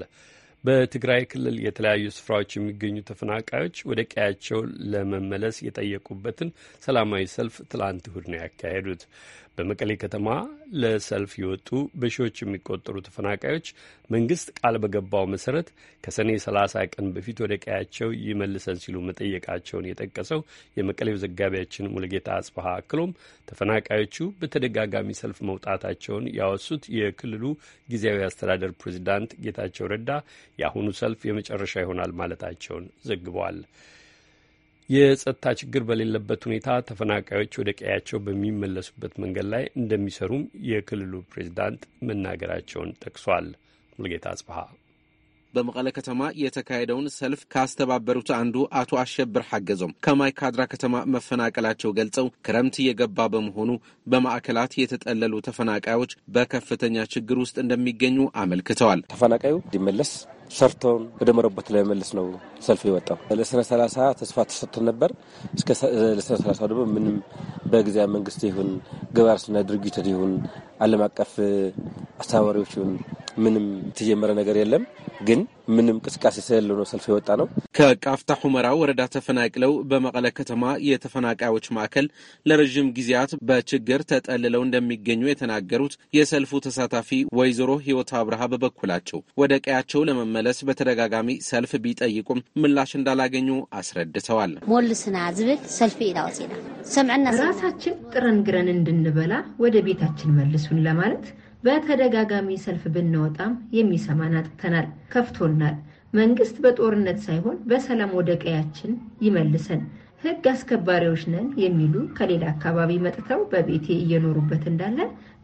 Speaker 1: በትግራይ ክልል የተለያዩ ስፍራዎች የሚገኙ ተፈናቃዮች ወደ ቀያቸው ለመመለስ የጠየቁበትን ሰላማዊ ሰልፍ ትላንት እሁድ ነው ያካሄዱት። በመቀሌ ከተማ ለሰልፍ የወጡ በሺዎች የሚቆጠሩ ተፈናቃዮች መንግስት ቃል በገባው መሰረት ከሰኔ 30 ቀን በፊት ወደ ቀያቸው ይመልሰን ሲሉ መጠየቃቸውን የጠቀሰው የመቀሌው ዘጋቢያችን ሙልጌታ አጽበሀ አክሎም ተፈናቃዮቹ በተደጋጋሚ ሰልፍ መውጣታቸውን ያወሱት የክልሉ ጊዜያዊ አስተዳደር ፕሬዚዳንት ጌታቸው ረዳ የአሁኑ ሰልፍ የመጨረሻ ይሆናል ማለታቸውን ዘግበዋል። የጸጥታ ችግር በሌለበት ሁኔታ ተፈናቃዮች ወደ ቀያቸው በሚመለሱበት መንገድ ላይ እንደሚሰሩም የክልሉ ፕሬዚዳንት መናገራቸውን ጠቅሷል።
Speaker 11: ሙልጌታ አጽበሃ በመቀለ ከተማ የተካሄደውን ሰልፍ ካስተባበሩት አንዱ አቶ አሸብር ሐገዞም ከማይካድራ ከተማ መፈናቀላቸው ገልጸው ክረምት እየገባ በመሆኑ በማዕከላት የተጠለሉ ተፈናቃዮች በከፍተኛ ችግር ውስጥ እንደሚገኙ አመልክተዋል። ተፈናቃዩ እንዲመለስ ሰርተውን ወደ መረቦት ለመመለስ ነው ሰልፍ የወጣው። ለሰኔ ሰላሳ ተስፋ ተሰጥቶ ነበር። እስከ ለሰኔ ሰላሳ ደግሞ ምንም በጊዜያዊ መንግስት ይሁን ግብረ ሰናይ ድርጅቶች ይሁን ዓለም አቀፍ አስተባባሪዎች ይሁን ምንም የተጀመረ ነገር የለም ግን ምንም እንቅስቃሴ ስለሌለው ነው ሰልፍ የወጣ ነው። ከቃፍታ ሁመራ ወረዳ ተፈናቅለው በመቀለ ከተማ የተፈናቃዮች ማዕከል ለረዥም ጊዜያት በችግር ተጠልለው እንደሚገኙ የተናገሩት የሰልፉ ተሳታፊ ወይዘሮ ህይወት አብርሃ በበኩላቸው ወደ ቀያቸው ለመመለስ በተደጋጋሚ ሰልፍ ቢጠይቁም ምላሽ እንዳላገኙ አስረድተዋል።
Speaker 8: ሞልስና ዝብል ሰልፊ ኢናወፂና ሰምዕና ራሳችን ጥረን ግረን እንድንበላ ወደ ቤታችን መልሱን ለማለት በተደጋጋሚ ሰልፍ ብንወጣም የሚሰማን አጥተናል። ከፍቶናል። መንግስት በጦርነት ሳይሆን በሰላም ወደ ቀያችን ይመልሰን። ህግ አስከባሪዎች ነን የሚሉ ከሌላ አካባቢ መጥተው በቤቴ እየኖሩበት እንዳለ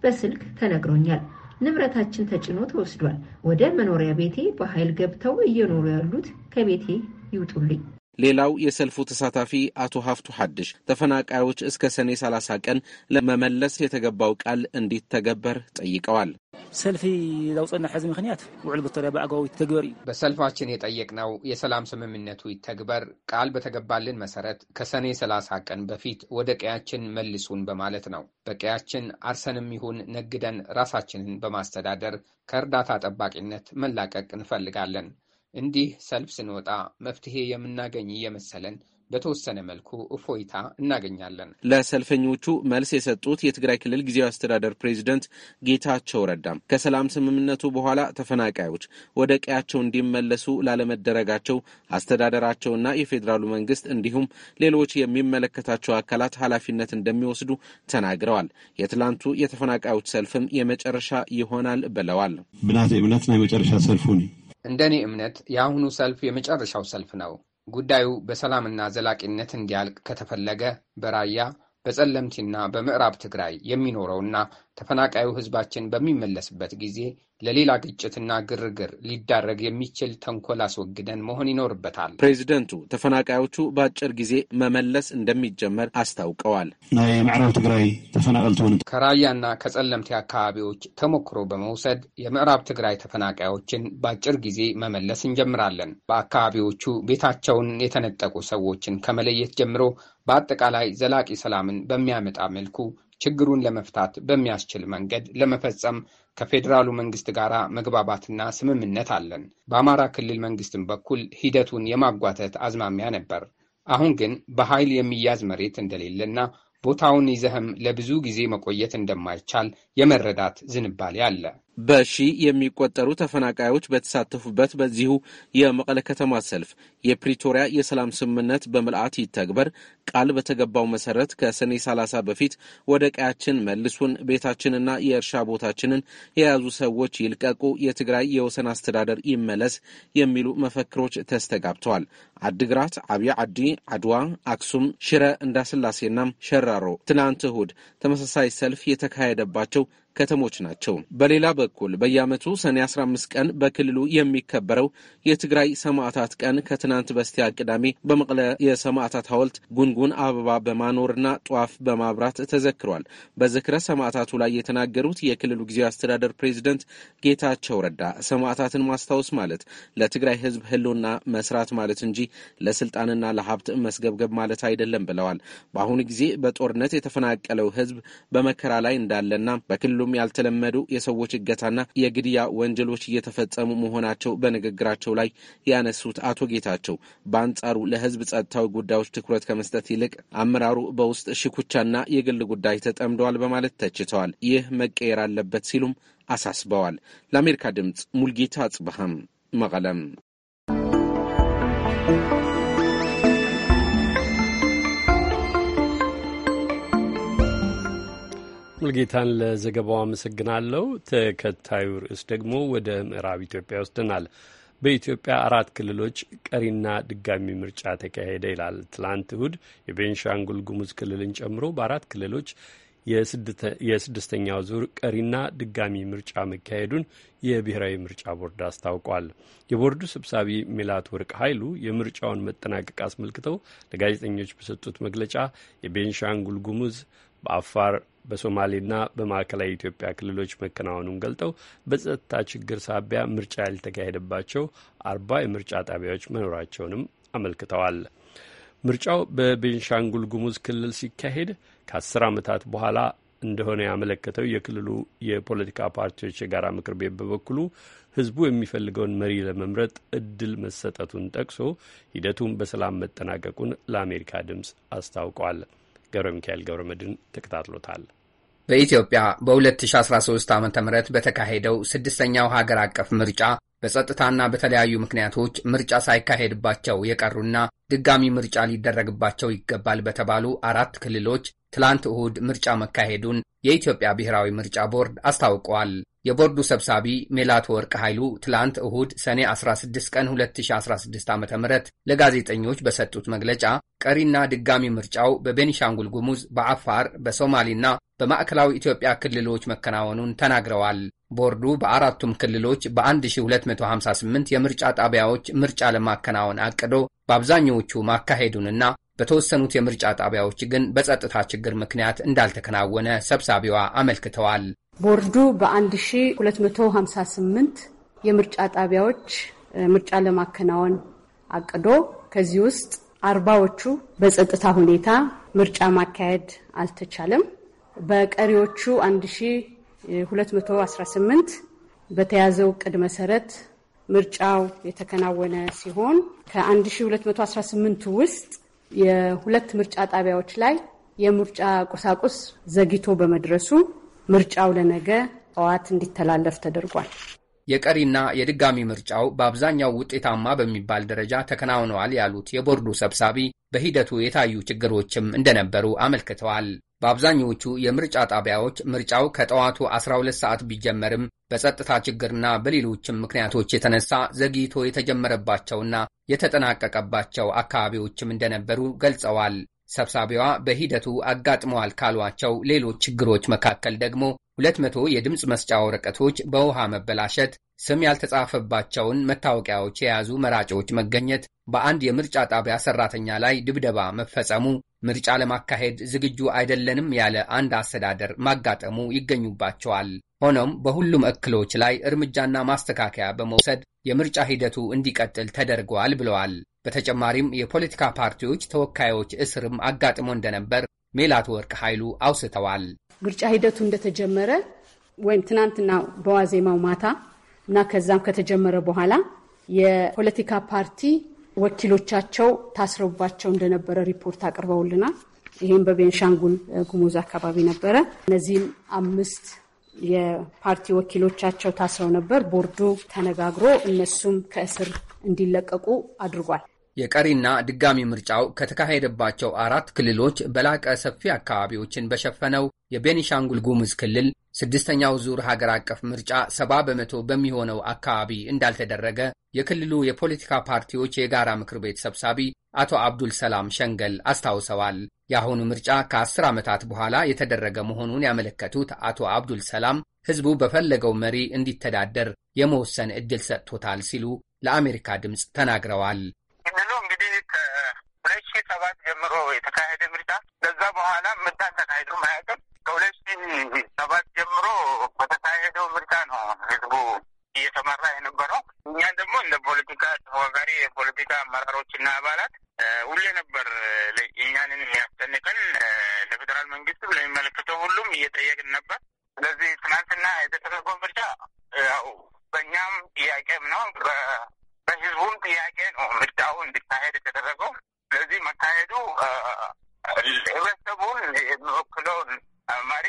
Speaker 8: በስልክ ተነግሮኛል። ንብረታችን ተጭኖ ተወስዷል። ወደ መኖሪያ ቤቴ በኃይል ገብተው እየኖሩ ያሉት ከቤቴ ይውጡልኝ።
Speaker 11: ሌላው የሰልፉ ተሳታፊ አቶ ሀፍቱ ሀድሽ ተፈናቃዮች እስከ ሰኔ 30 ቀን ለመመለስ የተገባው ቃል እንዲተገበር ጠይቀዋል።
Speaker 9: ሰልፊ ዘውፅና ሕዚ
Speaker 12: ምክንያት ውዕል ብተሪያ በአግባቡ ይተግበር እዩ። በሰልፋችን የጠየቅነው የሰላም ስምምነቱ ይተግበር፣ ቃል በተገባልን መሰረት ከሰኔ 30 ቀን በፊት ወደ ቀያችን መልሱን በማለት ነው። በቀያችን አርሰንም ይሁን ነግደን ራሳችንን በማስተዳደር ከእርዳታ ጠባቂነት መላቀቅ እንፈልጋለን። እንዲህ ሰልፍ ስንወጣ መፍትሄ የምናገኝ እየመሰለን በተወሰነ መልኩ እፎይታ እናገኛለን።
Speaker 11: ለሰልፈኞቹ መልስ የሰጡት የትግራይ ክልል ጊዜያዊ አስተዳደር ፕሬዚደንት ጌታቸው ረዳም ከሰላም ስምምነቱ በኋላ ተፈናቃዮች ወደ ቀያቸው እንዲመለሱ ላለመደረጋቸው አስተዳደራቸውና የፌዴራሉ መንግስት እንዲሁም ሌሎች የሚመለከታቸው አካላት ኃላፊነት እንደሚወስዱ ተናግረዋል። የትላንቱ የተፈናቃዮች ሰልፍም የመጨረሻ ይሆናል ብለዋል። ብናት እምነት ናይ መጨረሻ ሰልፉ
Speaker 12: እንደኔ እምነት የአሁኑ ሰልፍ የመጨረሻው ሰልፍ ነው። ጉዳዩ በሰላምና ዘላቂነት እንዲያልቅ ከተፈለገ በራያ በጸለምቲና በምዕራብ ትግራይ የሚኖረውና ተፈናቃዩ ህዝባችን በሚመለስበት ጊዜ ለሌላ ግጭትና
Speaker 11: ግርግር ሊዳረግ የሚችል ተንኮል አስወግደን መሆን ይኖርበታል። ፕሬዚደንቱ ተፈናቃዮቹ በአጭር ጊዜ መመለስ እንደሚጀመር አስታውቀዋል።
Speaker 2: ናይ
Speaker 12: ምዕራብ ትግራይ ተፈናቀልቲ ከራያና ከጸለምቲ አካባቢዎች ተሞክሮ በመውሰድ የምዕራብ ትግራይ ተፈናቃዮችን በአጭር ጊዜ መመለስ እንጀምራለን። በአካባቢዎቹ ቤታቸውን የተነጠቁ ሰዎችን ከመለየት ጀምሮ በአጠቃላይ ዘላቂ ሰላምን በሚያመጣ መልኩ ችግሩን ለመፍታት በሚያስችል መንገድ ለመፈጸም ከፌዴራሉ መንግስት ጋር መግባባትና ስምምነት አለን። በአማራ ክልል መንግስትም በኩል ሂደቱን የማጓተት አዝማሚያ ነበር። አሁን ግን በኃይል የሚያዝ መሬት እንደሌለና ቦታውን ይዘህም ለብዙ
Speaker 11: ጊዜ መቆየት እንደማይቻል የመረዳት ዝንባሌ አለ። በሺ የሚቆጠሩ ተፈናቃዮች በተሳተፉበት በዚሁ የመቀለ ከተማ ሰልፍ የፕሪቶሪያ የሰላም ስምምነት በምልአት ይተግበር፣ ቃል በተገባው መሰረት ከሰኔ 30 በፊት ወደ ቀያችን መልሱን፣ ቤታችንና የእርሻ ቦታችንን የያዙ ሰዎች ይልቀቁ፣ የትግራይ የወሰን አስተዳደር ይመለስ የሚሉ መፈክሮች ተስተጋብተዋል። አድግራት፣ አብይ ዓዲ፣ አድዋ፣ አክሱም፣ ሽረ እንዳስላሴና ሸራሮ ትናንት እሁድ ተመሳሳይ ሰልፍ የተካሄደባቸው ከተሞች ናቸው። በሌላ በኩል በየዓመቱ ሰኔ 15 ቀን በክልሉ የሚከበረው የትግራይ ሰማዕታት ቀን ከትናንት በስቲያ ቅዳሜ በመቀለ የሰማዕታት ሐውልት ጉንጉን አበባ በማኖርና ጧፍ በማብራት ተዘክሯል። በዝክረ ሰማዕታቱ ላይ የተናገሩት የክልሉ ጊዜያዊ አስተዳደር ፕሬዚደንት ጌታቸው ረዳ ሰማዕታትን ማስታወስ ማለት ለትግራይ ሕዝብ ህልውና መስራት ማለት እንጂ ለስልጣንና ለሀብት መስገብገብ ማለት አይደለም ብለዋል። በአሁኑ ጊዜ በጦርነት የተፈናቀለው ሕዝብ በመከራ ላይ እንዳለና በክልሉ ያሉም ያልተለመዱ የሰዎች እገታና የግድያ ወንጀሎች እየተፈጸሙ መሆናቸው በንግግራቸው ላይ ያነሱት አቶ ጌታቸው በአንጻሩ ለህዝብ ጸጥታዊ ጉዳዮች ትኩረት ከመስጠት ይልቅ አመራሩ በውስጥ ሽኩቻና የግል ጉዳይ ተጠምደዋል በማለት ተችተዋል። ይህ መቀየር አለበት ሲሉም አሳስበዋል። ለአሜሪካ ድምፅ ሙልጌታ አጽበሃም መቀለም
Speaker 1: ሙልጌታን ለዘገባው አመሰግናለሁ። ተከታዩ ርዕስ ደግሞ ወደ ምዕራብ ኢትዮጵያ ይወስደናል። በኢትዮጵያ አራት ክልሎች ቀሪና ድጋሚ ምርጫ ተካሄደ ይላል። ትላንት እሁድ የቤንሻንጉል ጉሙዝ ክልልን ጨምሮ በአራት ክልሎች የስድስተኛው ዙር ቀሪና ድጋሚ ምርጫ መካሄዱን የብሔራዊ ምርጫ ቦርድ አስታውቋል። የቦርዱ ሰብሳቢ ሚላት ወርቅ ኃይሉ የምርጫውን መጠናቀቅ አስመልክተው ለጋዜጠኞች በሰጡት መግለጫ የቤንሻንጉል ጉሙዝ በአፋር በሶማሌና በማዕከላዊ ኢትዮጵያ ክልሎች መከናወኑን ገልጠው በጸጥታ ችግር ሳቢያ ምርጫ ያልተካሄደባቸው አርባ የምርጫ ጣቢያዎች መኖራቸውንም አመልክተዋል። ምርጫው በቤንሻንጉል ጉሙዝ ክልል ሲካሄድ ከአስር ዓመታት በኋላ እንደሆነ ያመለከተው የክልሉ የፖለቲካ ፓርቲዎች የጋራ ምክር ቤት በበኩሉ ሕዝቡ የሚፈልገውን መሪ ለመምረጥ እድል መሰጠቱን ጠቅሶ ሂደቱን በሰላም መጠናቀቁን ለአሜሪካ ድምፅ አስታውቋል። ገብረ ሚካኤል ገብረ መድን ተከታትሎታል።
Speaker 12: በኢትዮጵያ በ2013 ዓ ም በተካሄደው ስድስተኛው ሀገር አቀፍ ምርጫ በጸጥታና በተለያዩ ምክንያቶች ምርጫ ሳይካሄድባቸው የቀሩና ድጋሚ ምርጫ ሊደረግባቸው ይገባል በተባሉ አራት ክልሎች ትላንት እሁድ ምርጫ መካሄዱን የኢትዮጵያ ብሔራዊ ምርጫ ቦርድ አስታውቋል። የቦርዱ ሰብሳቢ ሜላት ወርቅ ኃይሉ ትላንት እሁድ ሰኔ 16 ቀን 2016 ዓ ም ለጋዜጠኞች በሰጡት መግለጫ ቀሪና ድጋሚ ምርጫው በቤኒሻንጉል ጉሙዝ፣ በአፋር፣ በሶማሌና በማዕከላዊ ኢትዮጵያ ክልሎች መከናወኑን ተናግረዋል። ቦርዱ በአራቱም ክልሎች በ1258 የምርጫ ጣቢያዎች ምርጫ ለማከናወን አቅዶ በአብዛኛዎቹ ማካሄዱንና በተወሰኑት የምርጫ ጣቢያዎች ግን በጸጥታ ችግር ምክንያት እንዳልተከናወነ ሰብሳቢዋ አመልክተዋል።
Speaker 8: ቦርዱ በ1258 የምርጫ ጣቢያዎች ምርጫ ለማከናወን አቅዶ ከዚህ ውስጥ አርባዎቹ በጸጥታ ሁኔታ ምርጫ ማካሄድ አልተቻለም። በቀሪዎቹ 1218 በተያዘው እቅድ መሰረት ምርጫው የተከናወነ ሲሆን ከ 1218 ውስጥ የሁለት ምርጫ ጣቢያዎች ላይ የምርጫ ቁሳቁስ ዘግይቶ በመድረሱ ምርጫው ለነገ ጠዋት እንዲተላለፍ ተደርጓል።
Speaker 12: የቀሪና የድጋሚ ምርጫው በአብዛኛው ውጤታማ በሚባል ደረጃ ተከናውነዋል ያሉት የቦርዱ ሰብሳቢ በሂደቱ የታዩ ችግሮችም እንደነበሩ አመልክተዋል። በአብዛኞቹ የምርጫ ጣቢያዎች ምርጫው ከጠዋቱ 12 ሰዓት ቢጀመርም በጸጥታ ችግርና በሌሎችም ምክንያቶች የተነሳ ዘግይቶ የተጀመረባቸውና የተጠናቀቀባቸው አካባቢዎችም እንደነበሩ ገልጸዋል። ሰብሳቢዋ በሂደቱ አጋጥመዋል ካሏቸው ሌሎች ችግሮች መካከል ደግሞ ሁለት መቶ የድምፅ መስጫ ወረቀቶች በውሃ መበላሸት፣ ስም ያልተጻፈባቸውን መታወቂያዎች የያዙ መራጮች መገኘት፣ በአንድ የምርጫ ጣቢያ ሰራተኛ ላይ ድብደባ መፈጸሙ፣ ምርጫ ለማካሄድ ዝግጁ አይደለንም ያለ አንድ አስተዳደር ማጋጠሙ ይገኙባቸዋል። ሆኖም በሁሉም እክሎች ላይ እርምጃና ማስተካከያ በመውሰድ የምርጫ ሂደቱ እንዲቀጥል ተደርጓል ብለዋል። በተጨማሪም የፖለቲካ ፓርቲዎች ተወካዮች እስርም አጋጥሞ እንደነበር ሜላት ወርቅ ኃይሉ አውስተዋል።
Speaker 8: ምርጫ ሂደቱ እንደተጀመረ ወይም ትናንትና በዋዜማው ማታ እና ከዛም ከተጀመረ በኋላ የፖለቲካ ፓርቲ ወኪሎቻቸው ታስረውባቸው እንደነበረ ሪፖርት አቅርበውልናል። ይህም በቤንሻንጉል ጉሙዝ አካባቢ ነበረ። እነዚህም አምስት የፓርቲ ወኪሎቻቸው ታስረው ነበር። ቦርዱ ተነጋግሮ እነሱም ከእስር እንዲለቀቁ አድርጓል።
Speaker 12: የቀሪና ድጋሚ ምርጫው ከተካሄደባቸው አራት ክልሎች በላቀ ሰፊ አካባቢዎችን በሸፈነው የቤኒሻንጉል ጉሙዝ ክልል ስድስተኛው ዙር ሀገር አቀፍ ምርጫ ሰባ በመቶ በሚሆነው አካባቢ እንዳልተደረገ የክልሉ የፖለቲካ ፓርቲዎች የጋራ ምክር ቤት ሰብሳቢ አቶ አብዱል ሰላም ሸንገል አስታውሰዋል። የአሁኑ ምርጫ ከአስር ዓመታት በኋላ የተደረገ መሆኑን ያመለከቱት አቶ አብዱል ሰላም ሕዝቡ በፈለገው መሪ እንዲተዳደር የመወሰን ዕድል ሰጥቶታል ሲሉ ለአሜሪካ ድምፅ ተናግረዋል።
Speaker 10: ጀምሮ የተካሄደ ምርጫ ከዛ በኋላ ምርጫ ተካሂዶ አያውቅም። ከሁለት ሺህ ሰባት ጀምሮ በተካሄደው ምርጫ ነው ህዝቡ እየተመራ የነበረው። እኛን ደግሞ እንደ ፖለቲካ ተፎካካሪ የፖለቲካ አመራሮችና አባላት ሁሌ ነበር እኛንን የሚያስጨንቀን ለፌዴራል መንግስት ለሚመለከተው ሁሉም እየጠየቅን ነበር። ስለዚህ ትናንትና የተደረገው ምርጫ ያው በእኛም ጥያቄም ነው በህዝቡም ጥያቄ ነው ምርጫው እንዲካሄድ የተደረገው። ስለዚህ መካሄዱ ህብረተሰቡን የሚወክለውን
Speaker 12: መሪ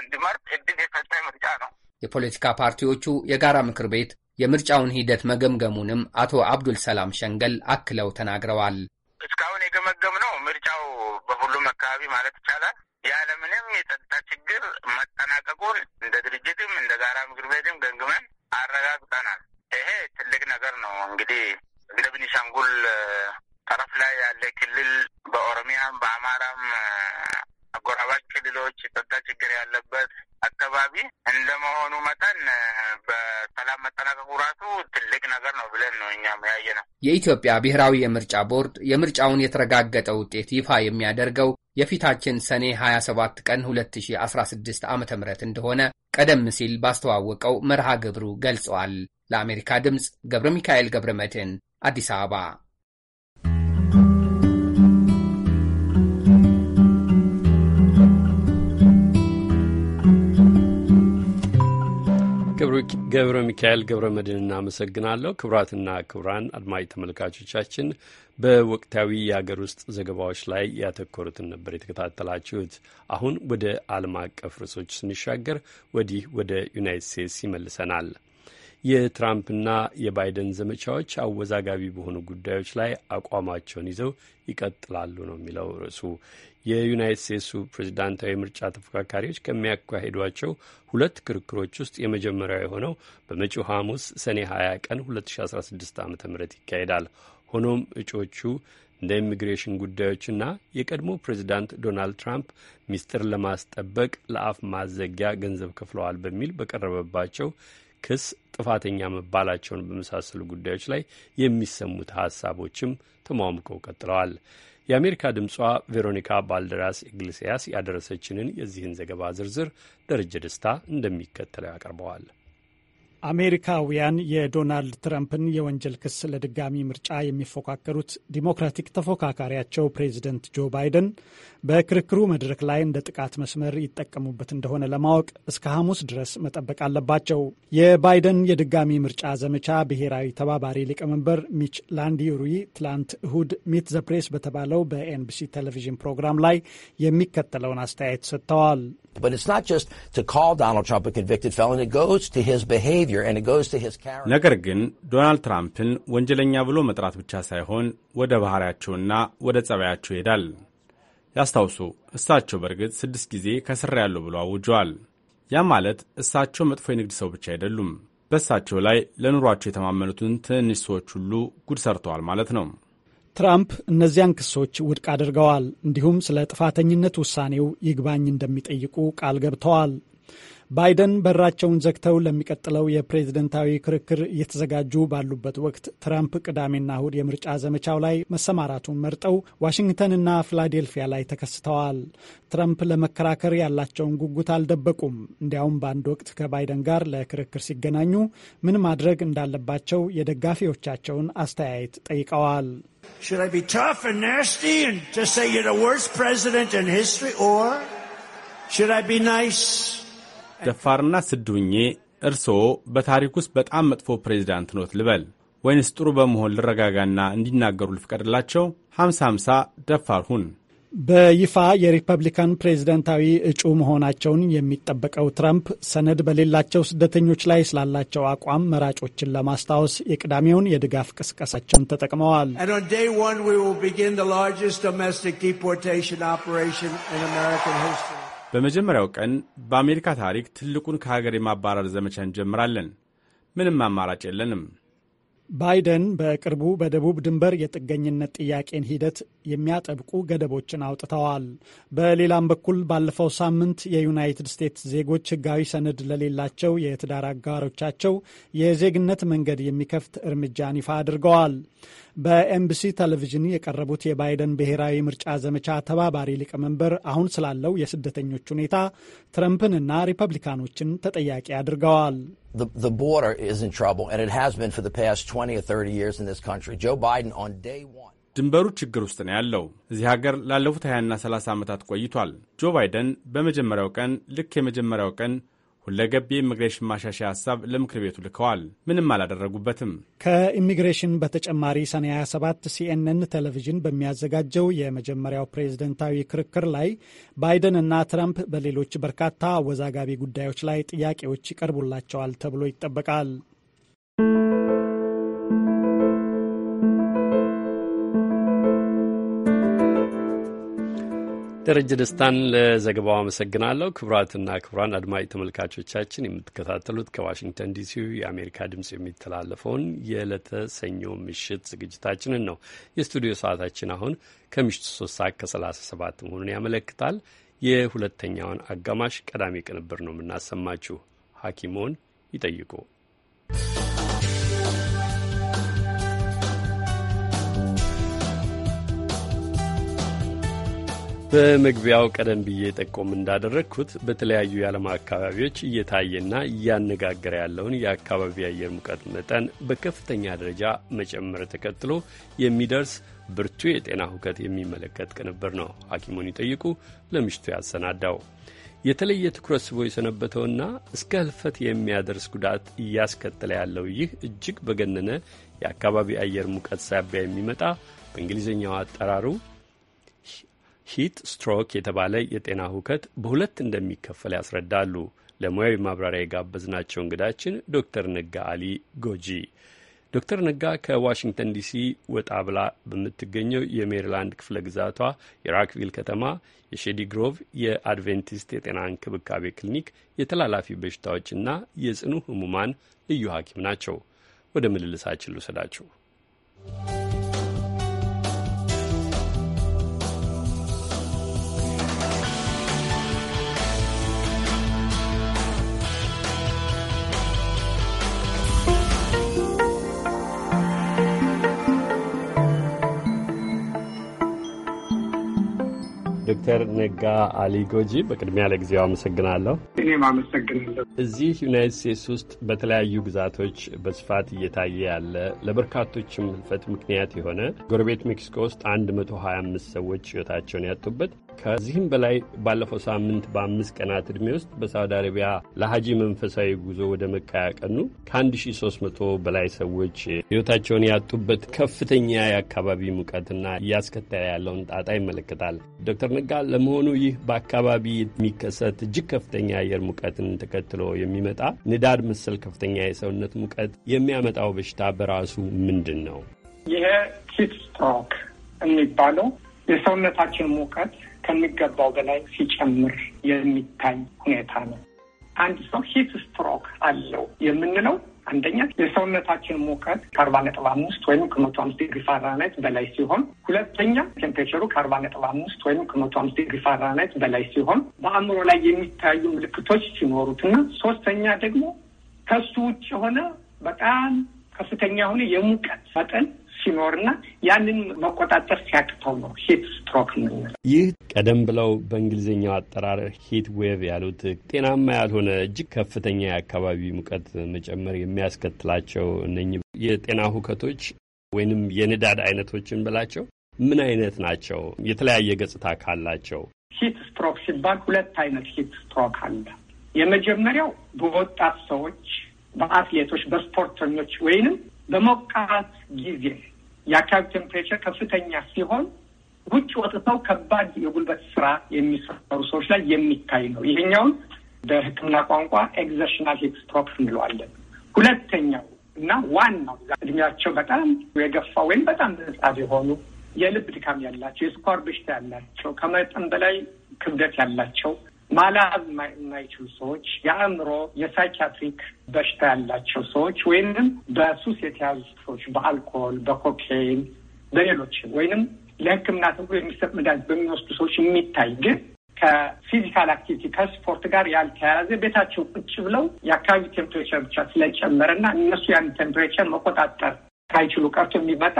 Speaker 12: እንዲመርጥ እድል የሰጠ ምርጫ ነው። የፖለቲካ ፓርቲዎቹ የጋራ ምክር ቤት የምርጫውን ሂደት መገምገሙንም አቶ አብዱል ሰላም ሸንገል አክለው ተናግረዋል።
Speaker 10: እስካሁን የገመገም ነው ምርጫው በሁሉም አካባቢ ማለት ይቻላል ያለምንም የጸጥታ ችግር መጠናቀቁን እንደ ድርጅትም እንደ ጋራ ምክር ቤትም ገምግመን አረጋግጠናል። ይሄ ትልቅ ነገር ነው። እንግዲህ እንደ ቤኒሻንጉል ጠረፍ ላይ ያለ ክልል በኦሮሚያም በአማራም አጎራባች ክልሎች ጸጥታ ችግር ያለበት አካባቢ እንደመሆኑ መጠን
Speaker 12: በሰላም መጠናቀቁ ራሱ ትልቅ ነገር ነው ብለን ነው እኛም ያየ ነው። የኢትዮጵያ ብሔራዊ የምርጫ ቦርድ የምርጫውን የተረጋገጠ ውጤት ይፋ የሚያደርገው የፊታችን ሰኔ 27 ቀን 2016 ዓ ም እንደሆነ ቀደም ሲል ባስተዋወቀው መርሃ ግብሩ ገልጸዋል። ለአሜሪካ ድምፅ ገብረ ሚካኤል ገብረ መድህን አዲስ አበባ
Speaker 1: ገብረ ሚካኤል ገብረ መድን እናመሰግናለሁ። ክቡራትና ክቡራን አድማጭ ተመልካቾቻችን በወቅታዊ የአገር ውስጥ ዘገባዎች ላይ ያተኮሩትን ነበር የተከታተላችሁት። አሁን ወደ ዓለም አቀፍ ርዕሶች ስንሻገር ወዲህ ወደ ዩናይት ስቴትስ ይመልሰናል። የትራምፕና የባይደን ዘመቻዎች አወዛጋቢ በሆኑ ጉዳዮች ላይ አቋማቸውን ይዘው ይቀጥላሉ ነው የሚለው ርዕሱ። የዩናይት ስቴትሱ ፕሬዚዳንታዊ ምርጫ ተፎካካሪዎች ከሚያካሄዷቸው ሁለት ክርክሮች ውስጥ የመጀመሪያው የሆነው በመጪው ሐሙስ ሰኔ 20 ቀን 2016 ዓ ም ይካሄዳል። ሆኖም እጩዎቹ እንደ ኢሚግሬሽን ጉዳዮችና የቀድሞ ፕሬዚዳንት ዶናልድ ትራምፕ ሚስጥር ለማስጠበቅ ለአፍ ማዘጊያ ገንዘብ ከፍለዋል በሚል በቀረበባቸው ክስ ጥፋተኛ መባላቸውን በመሳሰሉ ጉዳዮች ላይ የሚሰሙት ሀሳቦችም ተሟምቀው ቀጥለዋል። የአሜሪካ ድምጿ ቬሮኒካ ባልደራስ ኢግሌሲያስ ያደረሰችንን የዚህን ዘገባ ዝርዝር ደረጀ ደስታ እንደሚከተለው ያቀርበዋል።
Speaker 2: አሜሪካውያን የዶናልድ ትራምፕን የወንጀል ክስ ለድጋሚ ምርጫ የሚፎካከሩት ዲሞክራቲክ ተፎካካሪያቸው ፕሬዚደንት ጆ ባይደን በክርክሩ መድረክ ላይ እንደ ጥቃት መስመር ይጠቀሙበት እንደሆነ ለማወቅ እስከ ሐሙስ ድረስ መጠበቅ አለባቸው። የባይደን የድጋሚ ምርጫ ዘመቻ ብሔራዊ ተባባሪ ሊቀመንበር ሚች ላንዲሩይ ትላንት እሁድ ሚት ዘ ፕሬስ በተባለው በኤንቢሲ ቴሌቪዥን ፕሮግራም ላይ የሚከተለውን አስተያየት ሰጥተዋል።
Speaker 13: ነገር ግን ዶናልድ ትራምፕን ወንጀለኛ ብሎ መጥራት ብቻ ሳይሆን ወደ ባህሪያቸውና ወደ ጸባያቸው ይሄዳል። ያስታውሱ፣ እሳቸው በእርግጥ ስድስት ጊዜ ከስር ያለው ብሎ አውጀዋል። ያ ማለት እሳቸው መጥፎ የንግድ ሰው ብቻ አይደሉም። በእሳቸው ላይ ለኑሯቸው የተማመኑትን ትንንሽ ሰዎች ሁሉ ጉድ ሰርተዋል ማለት ነው።
Speaker 2: ትራምፕ እነዚያን ክሶች ውድቅ አድርገዋል። እንዲሁም ስለ ጥፋተኝነት ውሳኔው ይግባኝ እንደሚጠይቁ ቃል ገብተዋል። ባይደን በራቸውን ዘግተው ለሚቀጥለው የፕሬዝደንታዊ ክርክር እየተዘጋጁ ባሉበት ወቅት ትራምፕ ቅዳሜና እሁድ የምርጫ ዘመቻው ላይ መሰማራቱን መርጠው ዋሽንግተንና ፊላዴልፊያ ላይ ተከስተዋል። ትራምፕ ለመከራከር ያላቸውን ጉጉት አልደበቁም። እንዲያውም በአንድ ወቅት ከባይደን ጋር ለክርክር ሲገናኙ ምን ማድረግ እንዳለባቸው የደጋፊዎቻቸውን አስተያየት ጠይቀዋል።
Speaker 1: Should I be tough and nasty and just say you're the worst president in history or should I be nice?
Speaker 13: ደፋርና ስድኜ እርስዎ በታሪክ ውስጥ በጣም መጥፎ ፕሬዚዳንት ኖት ልበል ወይንስ ጥሩ በመሆን ልረጋጋና እንዲናገሩ ልፍቀድላቸው? ሀምሳ ሀምሳ ደፋር ሁን።
Speaker 2: በይፋ የሪፐብሊካን ፕሬዝደንታዊ እጩ መሆናቸውን የሚጠበቀው ትራምፕ ሰነድ በሌላቸው ስደተኞች ላይ ስላላቸው አቋም መራጮችን ለማስታወስ የቅዳሜውን የድጋፍ ቅስቀሳቸውን ተጠቅመዋል።
Speaker 13: በመጀመሪያው ቀን በአሜሪካ ታሪክ ትልቁን ከሀገር የማባረር ዘመቻ እንጀምራለን። ምንም አማራጭ የለንም።
Speaker 2: ባይደን በቅርቡ በደቡብ ድንበር የጥገኝነት ጥያቄን ሂደት የሚያጠብቁ ገደቦችን አውጥተዋል። በሌላም በኩል ባለፈው ሳምንት የዩናይትድ ስቴትስ ዜጎች ሕጋዊ ሰነድ ለሌላቸው የትዳር አጋሮቻቸው የዜግነት መንገድ የሚከፍት እርምጃን ይፋ አድርገዋል። በኤምቢሲ ቴሌቪዥን የቀረቡት የባይደን ብሔራዊ ምርጫ ዘመቻ ተባባሪ ሊቀመንበር አሁን ስላለው የስደተኞች ሁኔታ ትረምፕንና ሪፐብሊካኖችን ተጠያቂ
Speaker 9: አድርገዋል። ድንበሩ ችግር ውስጥ ነው ያለው።
Speaker 13: እዚህ ሀገር ላለፉት 20ና 30 ዓመታት ቆይቷል። ጆ ባይደን በመጀመሪያው ቀን ልክ የመጀመሪያው ቀን ሁለገብ የኢሚግሬሽን ማሻሻያ ሀሳብ ለምክር ቤቱ ልከዋል። ምንም አላደረጉበትም።
Speaker 2: ከኢሚግሬሽን በተጨማሪ ሰኔ 27 ሲኤንኤን ቴሌቪዥን በሚያዘጋጀው የመጀመሪያው ፕሬዝደንታዊ ክርክር ላይ ባይደን እና ትራምፕ በሌሎች በርካታ አወዛጋቢ ጉዳዮች ላይ ጥያቄዎች ይቀርቡላቸዋል ተብሎ ይጠበቃል።
Speaker 1: ደረጀ ደስታን ለዘገባው አመሰግናለሁ። ክቡራትና ክቡራን አድማጭ ተመልካቾቻችን የምትከታተሉት ከዋሽንግተን ዲሲ የአሜሪካ ድምፅ የሚተላለፈውን የዕለተ ሰኞ ምሽት ዝግጅታችንን ነው። የስቱዲዮ ሰዓታችን አሁን ከምሽቱ ሶስት ሰዓት ከ ሰባት መሆኑን ያመለክታል። የሁለተኛውን አጋማሽ ቀዳሚ ቅንብር ነው የምናሰማችሁ። ሐኪሞን ይጠይቁ በመግቢያው ቀደም ብዬ ጠቆም እንዳደረግኩት በተለያዩ የዓለም አካባቢዎች እየታየና እያነጋገረ ያለውን የአካባቢ አየር ሙቀት መጠን በከፍተኛ ደረጃ መጨመር ተከትሎ የሚደርስ ብርቱ የጤና ሁከት የሚመለከት ቅንብር ነው ሐኪሙን ይጠይቁ ለምሽቱ ያሰናዳው። የተለየ ትኩረት ስቦ የሰነበተውና እስከ ህልፈት የሚያደርስ ጉዳት እያስከተለ ያለው ይህ እጅግ በገነነ የአካባቢ አየር ሙቀት ሳቢያ የሚመጣ በእንግሊዝኛው አጠራሩ ሂት ስትሮክ የተባለ የጤና ሁከት በሁለት እንደሚከፈል ያስረዳሉ። ለሙያዊ ማብራሪያ የጋበዝናቸው እንግዳችን ዶክተር ነጋ አሊ ጎጂ። ዶክተር ነጋ ከዋሽንግተን ዲሲ ወጣ ብላ በምትገኘው የሜሪላንድ ክፍለ ግዛቷ የራክቪል ከተማ የሼዲ ግሮቭ የአድቬንቲስት የጤና እንክብካቤ ክሊኒክ የተላላፊ በሽታዎችና የጽኑ ህሙማን ልዩ ሐኪም ናቸው። ወደ ምልልሳችን ልውሰዳችሁ። ዶክተር ነጋ አሊ ጎጂ በቅድሚያ ለጊዜው አመሰግናለሁ። እኔም አመሰግናለሁ። እዚህ ዩናይት ስቴትስ ውስጥ በተለያዩ ግዛቶች በስፋት እየታየ ያለ ለበርካቶችም ህልፈት ምክንያት የሆነ ጎረቤት ሜክሲኮ ውስጥ 125 ሰዎች ህይወታቸውን ያጡበት ከዚህም በላይ ባለፈው ሳምንት በአምስት ቀናት ዕድሜ ውስጥ በሳውዲ አረቢያ ለሐጂ መንፈሳዊ ጉዞ ወደ መካ ያቀኑ ከ1300 በላይ ሰዎች ሕይወታቸውን ያጡበት ከፍተኛ የአካባቢ ሙቀትና እያስከተለ ያለውን ጣጣ ይመለከታል። ዶክተር ነጋ ለመሆኑ ይህ በአካባቢ የሚከሰት እጅግ ከፍተኛ የአየር ሙቀትን ተከትሎ የሚመጣ ንዳድ መሰል ከፍተኛ የሰውነት ሙቀት የሚያመጣው በሽታ በራሱ ምንድን ነው?
Speaker 5: ይሄ ሂት ስትሮክ የሚባለው የሰውነታችን ሙቀት ከሚገባው በላይ ሲጨምር የሚታይ ሁኔታ ነው። አንድ ሰው ሂት ስትሮክ አለው የምንለው አንደኛ የሰውነታችን ሙቀት ከአርባ ነጥብ አምስት ወይም ከመቶ አምስት ዲግሪ ፋራናይት በላይ ሲሆን፣ ሁለተኛ ቴምፔቸሩ ከአርባ ነጥብ አምስት ወይም ከመቶ አምስት ዲግሪ ፋራናይት በላይ ሲሆን በአእምሮ ላይ የሚታዩ ምልክቶች ሲኖሩትና ሶስተኛ ደግሞ ከሱ ውጭ የሆነ በጣም ከፍተኛ የሆነ የሙቀት መጠን ሲኖርና ያንን መቆጣጠር ሲያቅተው ነው ሂት ስትሮክ
Speaker 1: የምንለው። ይህ ቀደም ብለው በእንግሊዝኛው አጠራር ሂት ዌቭ ያሉት ጤናማ ያልሆነ እጅግ ከፍተኛ የአካባቢ ሙቀት መጨመር የሚያስከትላቸው እነኚህ የጤና ሁከቶች ወይንም የንዳድ አይነቶችን ብላቸው ምን አይነት ናቸው? የተለያየ ገጽታ ካላቸው
Speaker 5: ሂት ስትሮክ ሲባል ሁለት አይነት ሂት ስትሮክ አለ። የመጀመሪያው በወጣት ሰዎች፣ በአትሌቶች፣ በስፖርተኞች ወይንም በሞቃት ጊዜ የአካባቢ ቴምፕሬቸር ከፍተኛ ሲሆን ውጭ ወጥተው ከባድ የጉልበት ስራ የሚሰሩ ሰዎች ላይ የሚታይ ነው። ይሄኛውን በሕክምና ቋንቋ ኤግዘርሽናል ሂት እንለዋለን። ሁለተኛው እና ዋናው እድሜያቸው በጣም የገፋ ወይም በጣም ህጻን የሆኑ የልብ ድካም ያላቸው፣ የስኳር በሽታ ያላቸው፣ ከመጠን በላይ ክብደት ያላቸው ማላዝ የማይችሉ ሰዎች፣ የአእምሮ የሳይኪያትሪክ በሽታ ያላቸው ሰዎች ወይንም በሱስ የተያዙ ሰዎች በአልኮል፣ በኮኬይን፣ በሌሎች ወይንም ለሕክምና ተብሎ የሚሰጥ መድኃኒት በሚወስዱ ሰዎች የሚታይ ግን ከፊዚካል አክቲቪቲ ከስፖርት ጋር ያልተያያዘ ቤታቸው ቁጭ ብለው የአካባቢ ቴምፕሬቸር ብቻ ስለጨመረና እነሱ ያን ቴምፕሬቸር መቆጣጠር ካይችሉ ቀርቶ የሚመጣ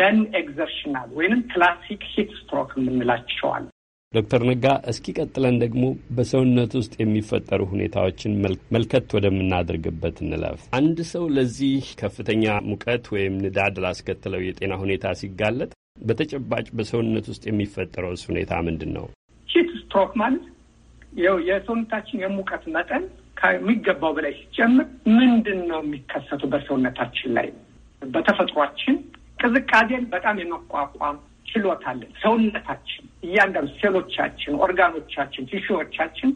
Speaker 5: ነን ኤግዘርሽናል
Speaker 1: ወይንም ክላሲክ ሂት ስትሮክ የምንላቸዋል። ዶክተር ነጋ እስኪ ቀጥለን ደግሞ በሰውነት ውስጥ የሚፈጠሩ ሁኔታዎችን መልከት ወደምናደርግበት እንለፍ። አንድ ሰው ለዚህ ከፍተኛ ሙቀት ወይም ንዳድ ላስከትለው የጤና ሁኔታ ሲጋለጥ በተጨባጭ በሰውነት ውስጥ የሚፈጠረውስ ሁኔታ ምንድን ነው?
Speaker 5: ሂት ስትሮክ ማለት ይኸው የሰውነታችን የሙቀት መጠን ከሚገባው በላይ ሲጨምር ምንድን ነው የሚከሰቱ በሰውነታችን ላይ በተፈጥሯችን ቅዝቃዜን በጣም የመቋቋም ችሎታ አለን ሰውነታችን እያንዳንዱ ሴሎቻችን፣ ኦርጋኖቻችን፣ ቲሹዎቻችን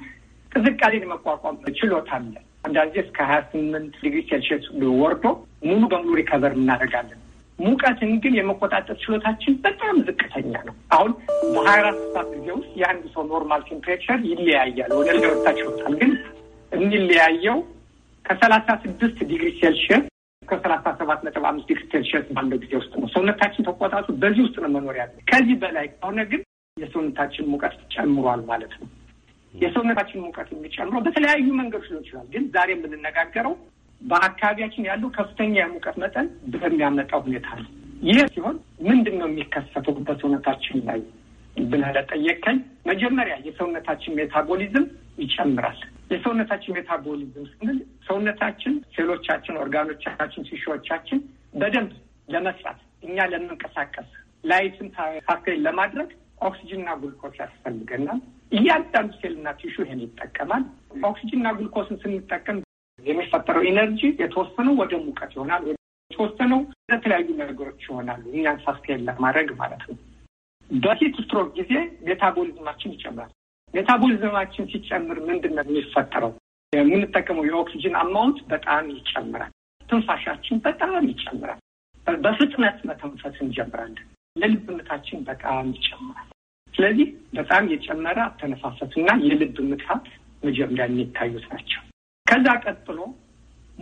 Speaker 5: ቅዝቃዜን መቋቋም ችሎታ አለ። አንዳንድ ጊዜ እስከ ሀያ ስምንት ዲግሪ ሴልሽስ ወርዶ ሙሉ በሙሉ ሪከቨር እናደርጋለን። ሙቀትን ግን የመቆጣጠር ችሎታችን በጣም ዝቅተኛ ነው። አሁን በሀያ አራት ሰዓት ጊዜ ውስጥ የአንድ ሰው ኖርማል ቴምፕሬቸር ይለያያል። ወደ ሊወጣ ችሎታል ግን የሚለያየው ከሰላሳ ስድስት ዲግሪ ሴልሽስ ከሰላሳ ሰባት ነጥብ አምስት ዲግሪ ሴልሽስ ባለው ጊዜ ውስጥ ነው። ሰውነታችን ተቆጣጡ በዚህ ውስጥ ነው መኖር ያለ። ከዚህ በላይ ከሆነ ግን የሰውነታችን ሙቀት ጨምሯል ማለት ነው። የሰውነታችን ሙቀት የሚጨምረው በተለያዩ መንገዶች ሊሆን ይችላል። ግን ዛሬ የምንነጋገረው በአካባቢያችን ያለው ከፍተኛ የሙቀት መጠን በሚያመጣው ሁኔታ ነው። ይህ ሲሆን ምንድን ነው የሚከሰተው በሰውነታችን ላይ ብለህ ለጠየቀኝ፣ መጀመሪያ የሰውነታችን ሜታቦሊዝም ይጨምራል። የሰውነታችን ሜታቦሊዝም ስንል ሰውነታችን፣ ሴሎቻችን፣ ኦርጋኖቻችን፣ ሲሾዎቻችን በደንብ ለመስራት እኛ ለመንቀሳቀስ ላይትን ሳስገኝ ለማድረግ ኦክሲጅንና ጉልኮስ ያስፈልገናል። እያንዳንዱ ሴልና ቲሹ ይሄን ይጠቀማል። ኦክሲጅንና ጉልኮስን ስንጠቀም የሚፈጠረው ኢነርጂ የተወሰነው ወደ ሙቀት ይሆናል፣ የተወሰነው ለተለያዩ ነገሮች ይሆናሉ። እኛን ሳስቴል ለማድረግ ማለት ነው። በሂት ስትሮክ ጊዜ ሜታቦሊዝማችን ይጨምራል። ሜታቦሊዝማችን ሲጨምር ምንድን ነው የሚፈጠረው? የምንጠቀመው የኦክሲጅን አማውንት በጣም ይጨምራል። ትንፋሻችን በጣም ይጨምራል። በፍጥነት መተንፈስ እንጀምራለን። ለልብ ምታችን በጣም ይጨምራል። ስለዚህ በጣም የጨመረ አተነፋፈስና የልብ ምታት መጀመሪያ የሚታዩት ናቸው። ከዛ ቀጥሎ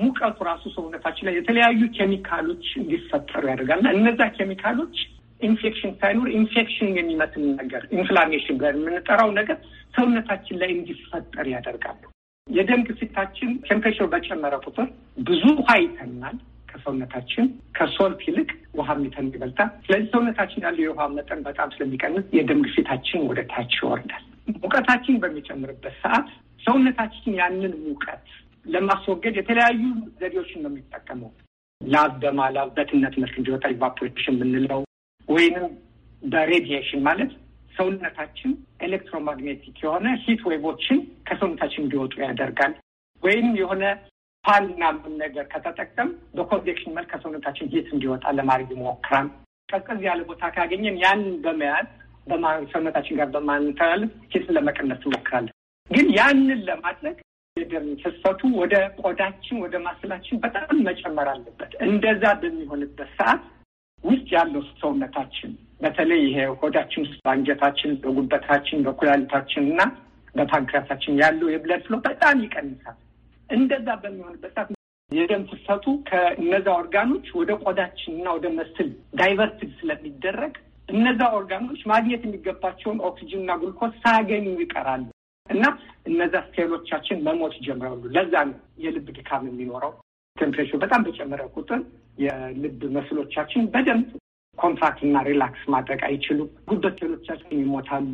Speaker 5: ሙቀቱ ራሱ ሰውነታችን ላይ የተለያዩ ኬሚካሎች እንዲፈጠሩ ያደርጋልና እነዛ ኬሚካሎች ኢንፌክሽን ሳይኖር ኢንፌክሽን የሚመስል ነገር ኢንፍላሜሽን ብለን የምንጠራው ነገር ሰውነታችን ላይ እንዲፈጠር ያደርጋሉ። የደም ግፊታችን ቴምፕሬቸር በጨመረ ቁጥር ብዙ ውሃ ይተናል፣ ከሰውነታችን ከሶልት ይልቅ ውሃ የሚተን ይበልጣል። ስለዚህ ሰውነታችን ያለው የውሃ መጠን በጣም ስለሚቀንስ የደም ግፊታችን ወደ ታች ይወርዳል። ሙቀታችን በሚጨምርበት ሰዓት ሰውነታችን ያንን ሙቀት ለማስወገድ የተለያዩ ዘዴዎችን ነው የሚጠቀመው። ላብ በማላብ በትነት መልክ እንዲወጣ ኢቫፖሬሽን የምንለው ወይንም በሬዲዬሽን ማለት ሰውነታችን ኤሌክትሮማግኔቲክ የሆነ ሂት ዌቦችን ከሰውነታችን እንዲወጡ ያደርጋል። ወይም የሆነ ፓልና ምን ነገር ከተጠቀም በኮንቬክሽን መልክ ከሰውነታችን ሂት እንዲወጣ ለማድረግ ይሞክራል። ቀዝቀዝ ያለ ቦታ ካገኘን ያንን በመያዝ ሰውነታችን ጋር በማንተላልፍ ሂትን ለመቀነስ ትሞክራለን። ግን ያንን ለማድረግ የደም ፍሰቱ ወደ ቆዳችን ወደ ማስላችን በጣም መጨመር አለበት። እንደዛ በሚሆንበት ሰዓት ውስጥ ያለው ሰውነታችን በተለይ ይሄ ሆዳችን ውስጥ በአንጀታችን፣ በጉበታችን፣ በኩላሊታችን እና በፓንክራታችን ያለው የብለድ ፍሎ በጣም ይቀንሳል። እንደዛ በሚሆንበት ሰዓት የደም ፍሰቱ ከእነዛ ኦርጋኖች ወደ ቆዳችን እና ወደ መስል ዳይቨርትድ ስለሚደረግ እነዛ ኦርጋኖች ማግኘት የሚገባቸውን ኦክሲጅን እና ጉልኮስ ሳያገኙ ይቀራሉ እና እነዛ ስቴሎቻችን መሞት ይጀምራሉ ለዛ ነው የልብ ድካም የሚኖረው። ቴምፕሬቸር በጣም በጨመረ ቁጥር የልብ መስሎቻችን በደንብ ኮንትራክት እና ሪላክስ ማድረግ አይችሉም። ጉበት ሴሎቻችን ይሞታሉ።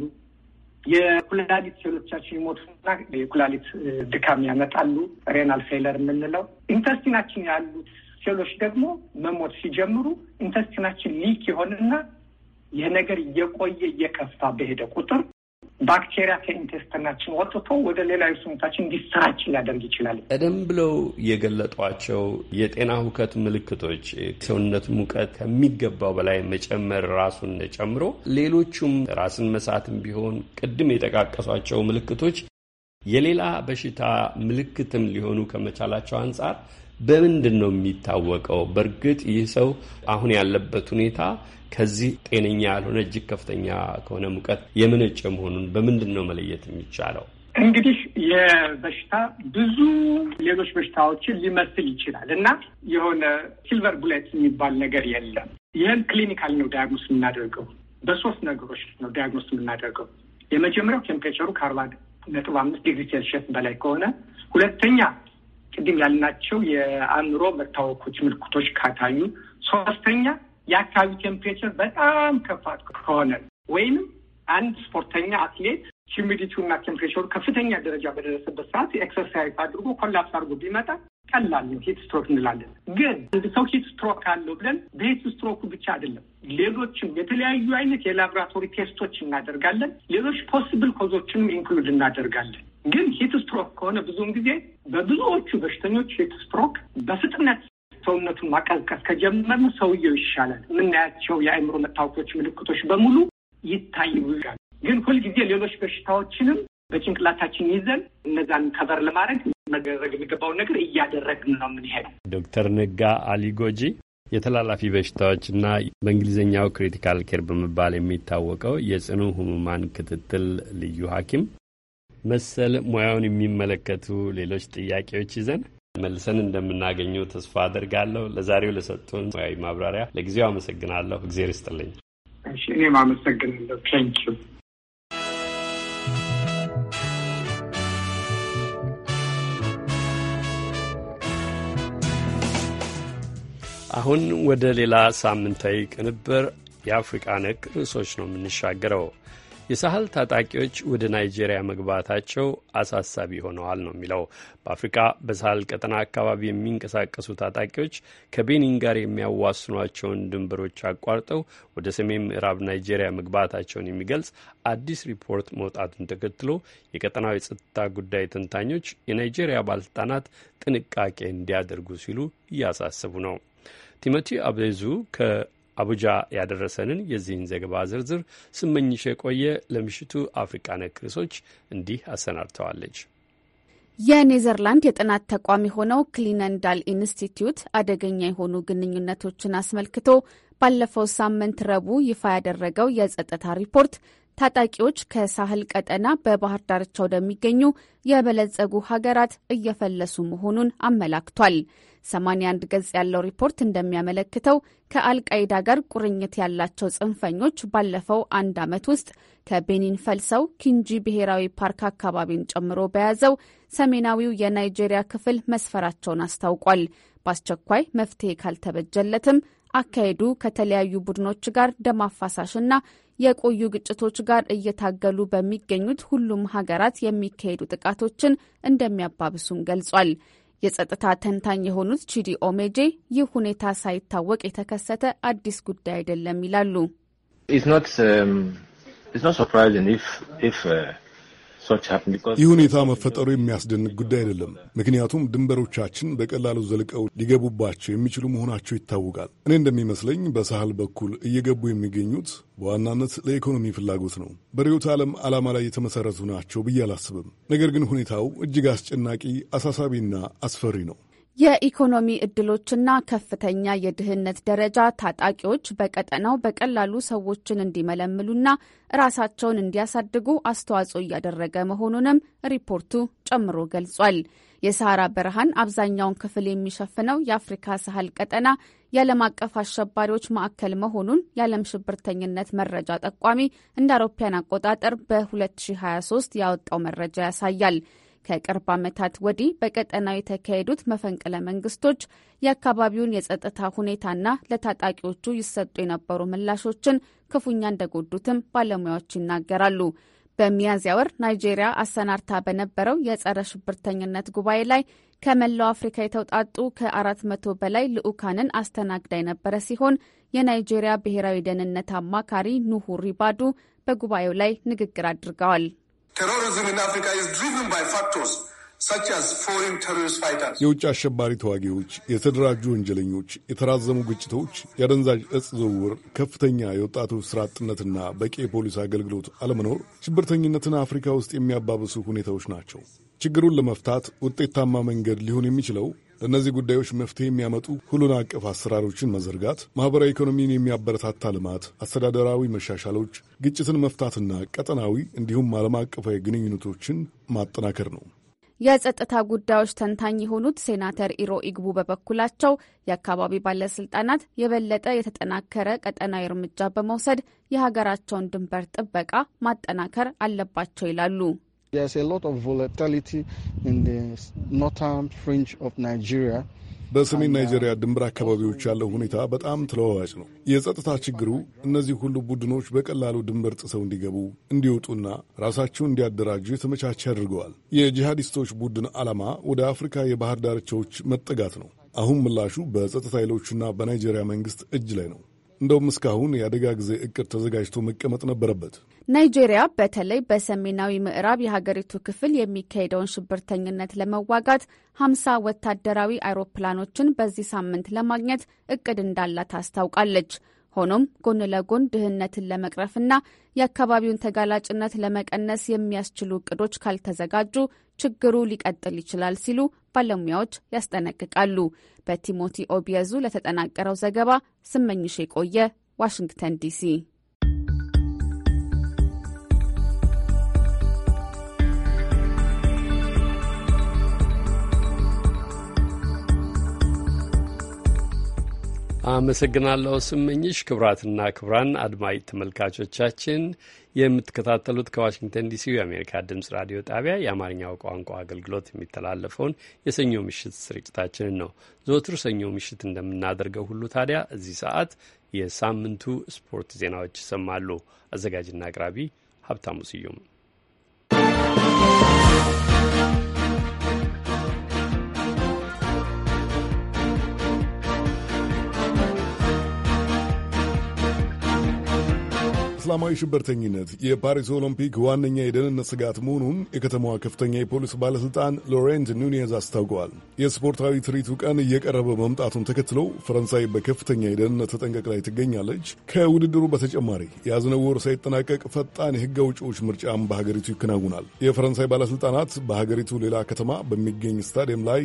Speaker 5: የኩላሊት ሴሎቻችን ይሞቱና የኩላሊት ድካም ያመጣሉ፣ ሬናል ፌለር የምንለው። ኢንተስቲናችን ያሉት ሴሎች ደግሞ መሞት ሲጀምሩ ኢንተስቲናችን ሊክ የሆነና ይህ ነገር እየቆየ እየከፋ በሄደ ቁጥር ባክቴሪያ ከኢንቴስተናችን ወጥቶ ወደ ሌላዊ ሰውነታችን እንዲሰራጭ ሊያደርግ ይችላል።
Speaker 1: ቀደም ብለው የገለጧቸው የጤና ሁከት ምልክቶች ሰውነት ሙቀት ከሚገባው በላይ መጨመር ራሱን ጨምሮ ሌሎቹም ራስን መሳትም ቢሆን ቅድም የጠቃቀሷቸው ምልክቶች የሌላ በሽታ ምልክትም ሊሆኑ ከመቻላቸው አንጻር በምንድን ነው የሚታወቀው? በእርግጥ ይህ ሰው አሁን ያለበት ሁኔታ ከዚህ ጤነኛ ያልሆነ እጅግ ከፍተኛ ከሆነ ሙቀት የመነጨ መሆኑን በምንድን ነው መለየት የሚቻለው?
Speaker 5: እንግዲህ የበሽታ ብዙ ሌሎች በሽታዎችን ሊመስል ይችላል እና የሆነ ሲልቨር ቡሌት የሚባል ነገር የለም። ይህን ክሊኒካል ነው ዳያግኖስ የምናደርገው። በሶስት ነገሮች ነው ዳያግኖስ የምናደርገው። የመጀመሪያው ቴምፕሬቸሩ ከአርባ ነጥብ አምስት ዲግሪ ሴልሽስ በላይ ከሆነ፣ ሁለተኛ ቅድም ያልናቸው የአእምሮ መታወኮች ምልክቶች ካታዩ፣ ሶስተኛ የአካባቢው ቴምፕሬቸር በጣም ከፋት ከሆነ ወይም አንድ ስፖርተኛ አትሌት ሂሚዲቲውና ቴምፕሬቸሩ ከፍተኛ ደረጃ በደረሰበት ሰዓት ኤክሰርሳይዝ አድርጎ ኮላፕስ አድርጎ ቢመጣ ቀላል ሂት ስትሮክ እንላለን። ግን አንድ ሰው ሂት ስትሮክ አለው ብለን በሂት ስትሮኩ ብቻ አይደለም፣ ሌሎችም የተለያዩ አይነት የላቦራቶሪ ቴስቶች እናደርጋለን። ሌሎች ፖስብል ኮዞችንም ኢንክሉድ እናደርጋለን። ግን ሂት ስትሮክ ከሆነ ብዙውን ጊዜ በብዙዎቹ በሽተኞች ሂት ስትሮክ በፍጥነት ሰውነቱን ማቀዝቀዝ ከጀመርን ሰውየው ይሻላል። የምናያቸው የአእምሮ መታወቆች ምልክቶች በሙሉ ይሻል። ግን ሁልጊዜ ሌሎች በሽታዎችንም በጭንቅላታችን ይዘን እነዛን ከበር ለማድረግ መደረግ የሚገባውን ነገር እያደረግን ነው የምንሄደው።
Speaker 1: ዶክተር ነጋ አሊጎጂ የተላላፊ በሽታዎችና በእንግሊዝኛው ክሪቲካል ኬር በመባል የሚታወቀው የጽኑ ህሙማን ክትትል ልዩ ሐኪም መሰል ሙያውን የሚመለከቱ ሌሎች ጥያቄዎች ይዘን መልሰን እንደምናገኘው ተስፋ አድርጋለሁ። ለዛሬው ለሰጡን ሙያዊ ማብራሪያ ለጊዜው አመሰግናለሁ። እግዜር ይስጥልኝ።
Speaker 5: እኔም አመሰግናለሁ። ቴንኪው
Speaker 1: አሁን ወደ ሌላ ሳምንታዊ ቅንብር የአፍሪቃ ነክ ርዕሶች ነው የምንሻገረው። የሳህል ታጣቂዎች ወደ ናይጄሪያ መግባታቸው አሳሳቢ ሆነዋል ነው የሚለው። በአፍሪካ በሳህል ቀጠና አካባቢ የሚንቀሳቀሱ ታጣቂዎች ከቤኒን ጋር የሚያዋስኗቸውን ድንበሮች አቋርጠው ወደ ሰሜን ምዕራብ ናይጄሪያ መግባታቸውን የሚገልጽ አዲስ ሪፖርት መውጣቱን ተከትሎ የቀጠናው የጸጥታ ጉዳይ ተንታኞች የናይጄሪያ ባለስልጣናት ጥንቃቄ እንዲያደርጉ ሲሉ እያሳሰቡ ነው። ቲሞቲ አብዙ አቡጃ ያደረሰንን የዚህን ዘገባ ዝርዝር ስመኝሽ የቆየ ለምሽቱ አፍሪቃ ነክ ርዕሶች እንዲህ አሰናድተዋለች።
Speaker 3: የኔዘርላንድ የጥናት ተቋም የሆነው ክሊነንዳል ኢንስቲትዩት አደገኛ የሆኑ ግንኙነቶችን አስመልክቶ ባለፈው ሳምንት ረቡዕ ይፋ ያደረገው የጸጥታ ሪፖርት ታጣቂዎች ከሳህል ቀጠና በባህር ዳርቻ ወደሚገኙ የበለጸጉ ሀገራት እየፈለሱ መሆኑን አመላክቷል። 81 ገጽ ያለው ሪፖርት እንደሚያመለክተው ከአልቃይዳ ጋር ቁርኝት ያላቸው ጽንፈኞች ባለፈው አንድ ዓመት ውስጥ ከቤኒን ፈልሰው ኪንጂ ብሔራዊ ፓርክ አካባቢን ጨምሮ በያዘው ሰሜናዊው የናይጄሪያ ክፍል መስፈራቸውን አስታውቋል። በአስቸኳይ መፍትሄ ካልተበጀለትም አካሄዱ ከተለያዩ ቡድኖች ጋር ደም አፋሳሽና የቆዩ ግጭቶች ጋር እየታገሉ በሚገኙት ሁሉም ሀገራት የሚካሄዱ ጥቃቶችን እንደሚያባብሱም ገልጿል። የጸጥታ ተንታኝ የሆኑት ቺዲ ኦሜጄ ይህ ሁኔታ ሳይታወቅ የተከሰተ አዲስ ጉዳይ አይደለም ይላሉ።
Speaker 13: ይህ ሁኔታ
Speaker 14: መፈጠሩ የሚያስደንቅ ጉዳይ አይደለም፣ ምክንያቱም ድንበሮቻችን በቀላሉ ዘልቀው ሊገቡባቸው የሚችሉ መሆናቸው ይታወቃል። እኔ እንደሚመስለኝ በሳህል በኩል እየገቡ የሚገኙት በዋናነት ለኢኮኖሚ ፍላጎት ነው። በርዕዮተ ዓለም ዓላማ ላይ የተመሠረቱ ናቸው ብዬ አላስብም። ነገር ግን ሁኔታው እጅግ አስጨናቂ፣ አሳሳቢና አስፈሪ ነው።
Speaker 3: የኢኮኖሚ እድሎችና ከፍተኛ የድህነት ደረጃ ታጣቂዎች በቀጠናው በቀላሉ ሰዎችን እንዲመለምሉና ራሳቸውን እንዲያሳድጉ አስተዋጽኦ እያደረገ መሆኑንም ሪፖርቱ ጨምሮ ገልጿል። የሰሐራ በረሃን አብዛኛውን ክፍል የሚሸፍነው የአፍሪካ ሳህል ቀጠና የዓለም አቀፍ አሸባሪዎች ማዕከል መሆኑን የዓለም ሽብርተኝነት መረጃ ጠቋሚ እንደ አውሮፓውያን አቆጣጠር በ2023 ያወጣው መረጃ ያሳያል። ከቅርብ ዓመታት ወዲህ በቀጠናው የተካሄዱት መፈንቅለ መንግስቶች የአካባቢውን የጸጥታ ሁኔታና ለታጣቂዎቹ ይሰጡ የነበሩ ምላሾችን ክፉኛ እንደጎዱትም ባለሙያዎች ይናገራሉ። በሚያዝያ ወር ናይጄሪያ አሰናርታ በነበረው የጸረ ሽብርተኝነት ጉባኤ ላይ ከመላው አፍሪካ የተውጣጡ ከአራት መቶ በላይ ልዑካንን አስተናግዳ የነበረ ሲሆን የናይጄሪያ ብሔራዊ ደህንነት አማካሪ ኑሁ ሪባዱ በጉባኤው ላይ ንግግር አድርገዋል።
Speaker 14: የውጭ አሸባሪ ተዋጊዎች፣ የተደራጁ ወንጀለኞች፣ የተራዘሙ ግጭቶች፣ የአደንዛዥ እጽ ዝውውር፣ ከፍተኛ የወጣቶች ሥራ አጥነትና በቂ የፖሊስ አገልግሎት አለመኖር ሽብርተኝነትን አፍሪካ ውስጥ የሚያባብሱ ሁኔታዎች ናቸው። ችግሩን ለመፍታት ውጤታማ መንገድ ሊሆን የሚችለው ለእነዚህ ጉዳዮች መፍትሄ የሚያመጡ ሁሉን አቀፍ አሰራሮችን መዘርጋት፣ ማኅበራዊ ኢኮኖሚን የሚያበረታታ ልማት፣ አስተዳደራዊ መሻሻሎች፣ ግጭትን መፍታትና ቀጠናዊ እንዲሁም ዓለም አቀፋዊ ግንኙነቶችን ማጠናከር ነው።
Speaker 3: የጸጥታ ጉዳዮች ተንታኝ የሆኑት ሴናተር ኢሮ ኢግቡ በበኩላቸው የአካባቢ ባለስልጣናት የበለጠ የተጠናከረ ቀጠናዊ እርምጃ በመውሰድ የሀገራቸውን ድንበር ጥበቃ ማጠናከር አለባቸው ይላሉ።
Speaker 14: በሰሜን ናይጄሪያ ድንበር አካባቢዎች ያለው ሁኔታ በጣም ተለዋዋጭ ነው። የጸጥታ ችግሩ እነዚህ ሁሉ ቡድኖች በቀላሉ ድንበር ጥሰው እንዲገቡ፣ እንዲወጡና ራሳቸውን እንዲያደራጁ የተመቻቸ አድርገዋል። የጂሃዲስቶች ቡድን ዓላማ ወደ አፍሪካ የባህር ዳርቻዎች መጠጋት ነው። አሁን ምላሹ በጸጥታ ኃይሎቹና በናይጄሪያ መንግስት እጅ ላይ ነው። እንደውም እስካሁን የአደጋ ጊዜ እቅድ ተዘጋጅቶ መቀመጥ ነበረበት።
Speaker 3: ናይጄሪያ በተለይ በሰሜናዊ ምዕራብ የሀገሪቱ ክፍል የሚካሄደውን ሽብርተኝነት ለመዋጋት ሀምሳ ወታደራዊ አይሮፕላኖችን በዚህ ሳምንት ለማግኘት እቅድ እንዳላት አስታውቃለች። ሆኖም ጎን ለጎን ድህነትን ለመቅረፍና የአካባቢውን ተጋላጭነት ለመቀነስ የሚያስችሉ እቅዶች ካልተዘጋጁ ችግሩ ሊቀጥል ይችላል ሲሉ ባለሙያዎች ያስጠነቅቃሉ። በቲሞቲ ኦቢየዙ ለተጠናቀረው ዘገባ ስመኝሽ የቆየ ዋሽንግተን ዲሲ
Speaker 1: አመሰግናለሁ ስመኝሽ። ክቡራትና ክቡራን አድማጭ ተመልካቾቻችን የምትከታተሉት ከዋሽንግተን ዲሲ የአሜሪካ ድምጽ ራዲዮ ጣቢያ የአማርኛው ቋንቋ አገልግሎት የሚተላለፈውን የሰኞ ምሽት ስርጭታችንን ነው። ዘወትር ሰኞ ምሽት እንደምናደርገው ሁሉ ታዲያ እዚህ ሰዓት የሳምንቱ ስፖርት ዜናዎች ይሰማሉ። አዘጋጅና አቅራቢ ሀብታሙ ስዩም
Speaker 14: እስላማዊ ሽብርተኝነት የፓሪስ ኦሎምፒክ ዋነኛ የደህንነት ስጋት መሆኑን የከተማዋ ከፍተኛ የፖሊስ ባለሥልጣን ሎሬንት ኑኔዝ አስታውቀዋል። የስፖርታዊ ትርኢቱ ቀን እየቀረበ መምጣቱን ተከትሎ ፈረንሳይ በከፍተኛ የደህንነት ተጠንቀቅ ላይ ትገኛለች። ከውድድሩ በተጨማሪ የያዝነው ወር ሳይጠናቀቅ ፈጣን የሕግ አውጪዎች ምርጫም በሀገሪቱ ይከናውናል። የፈረንሳይ ባለሥልጣናት በሀገሪቱ ሌላ ከተማ በሚገኝ ስታዲየም ላይ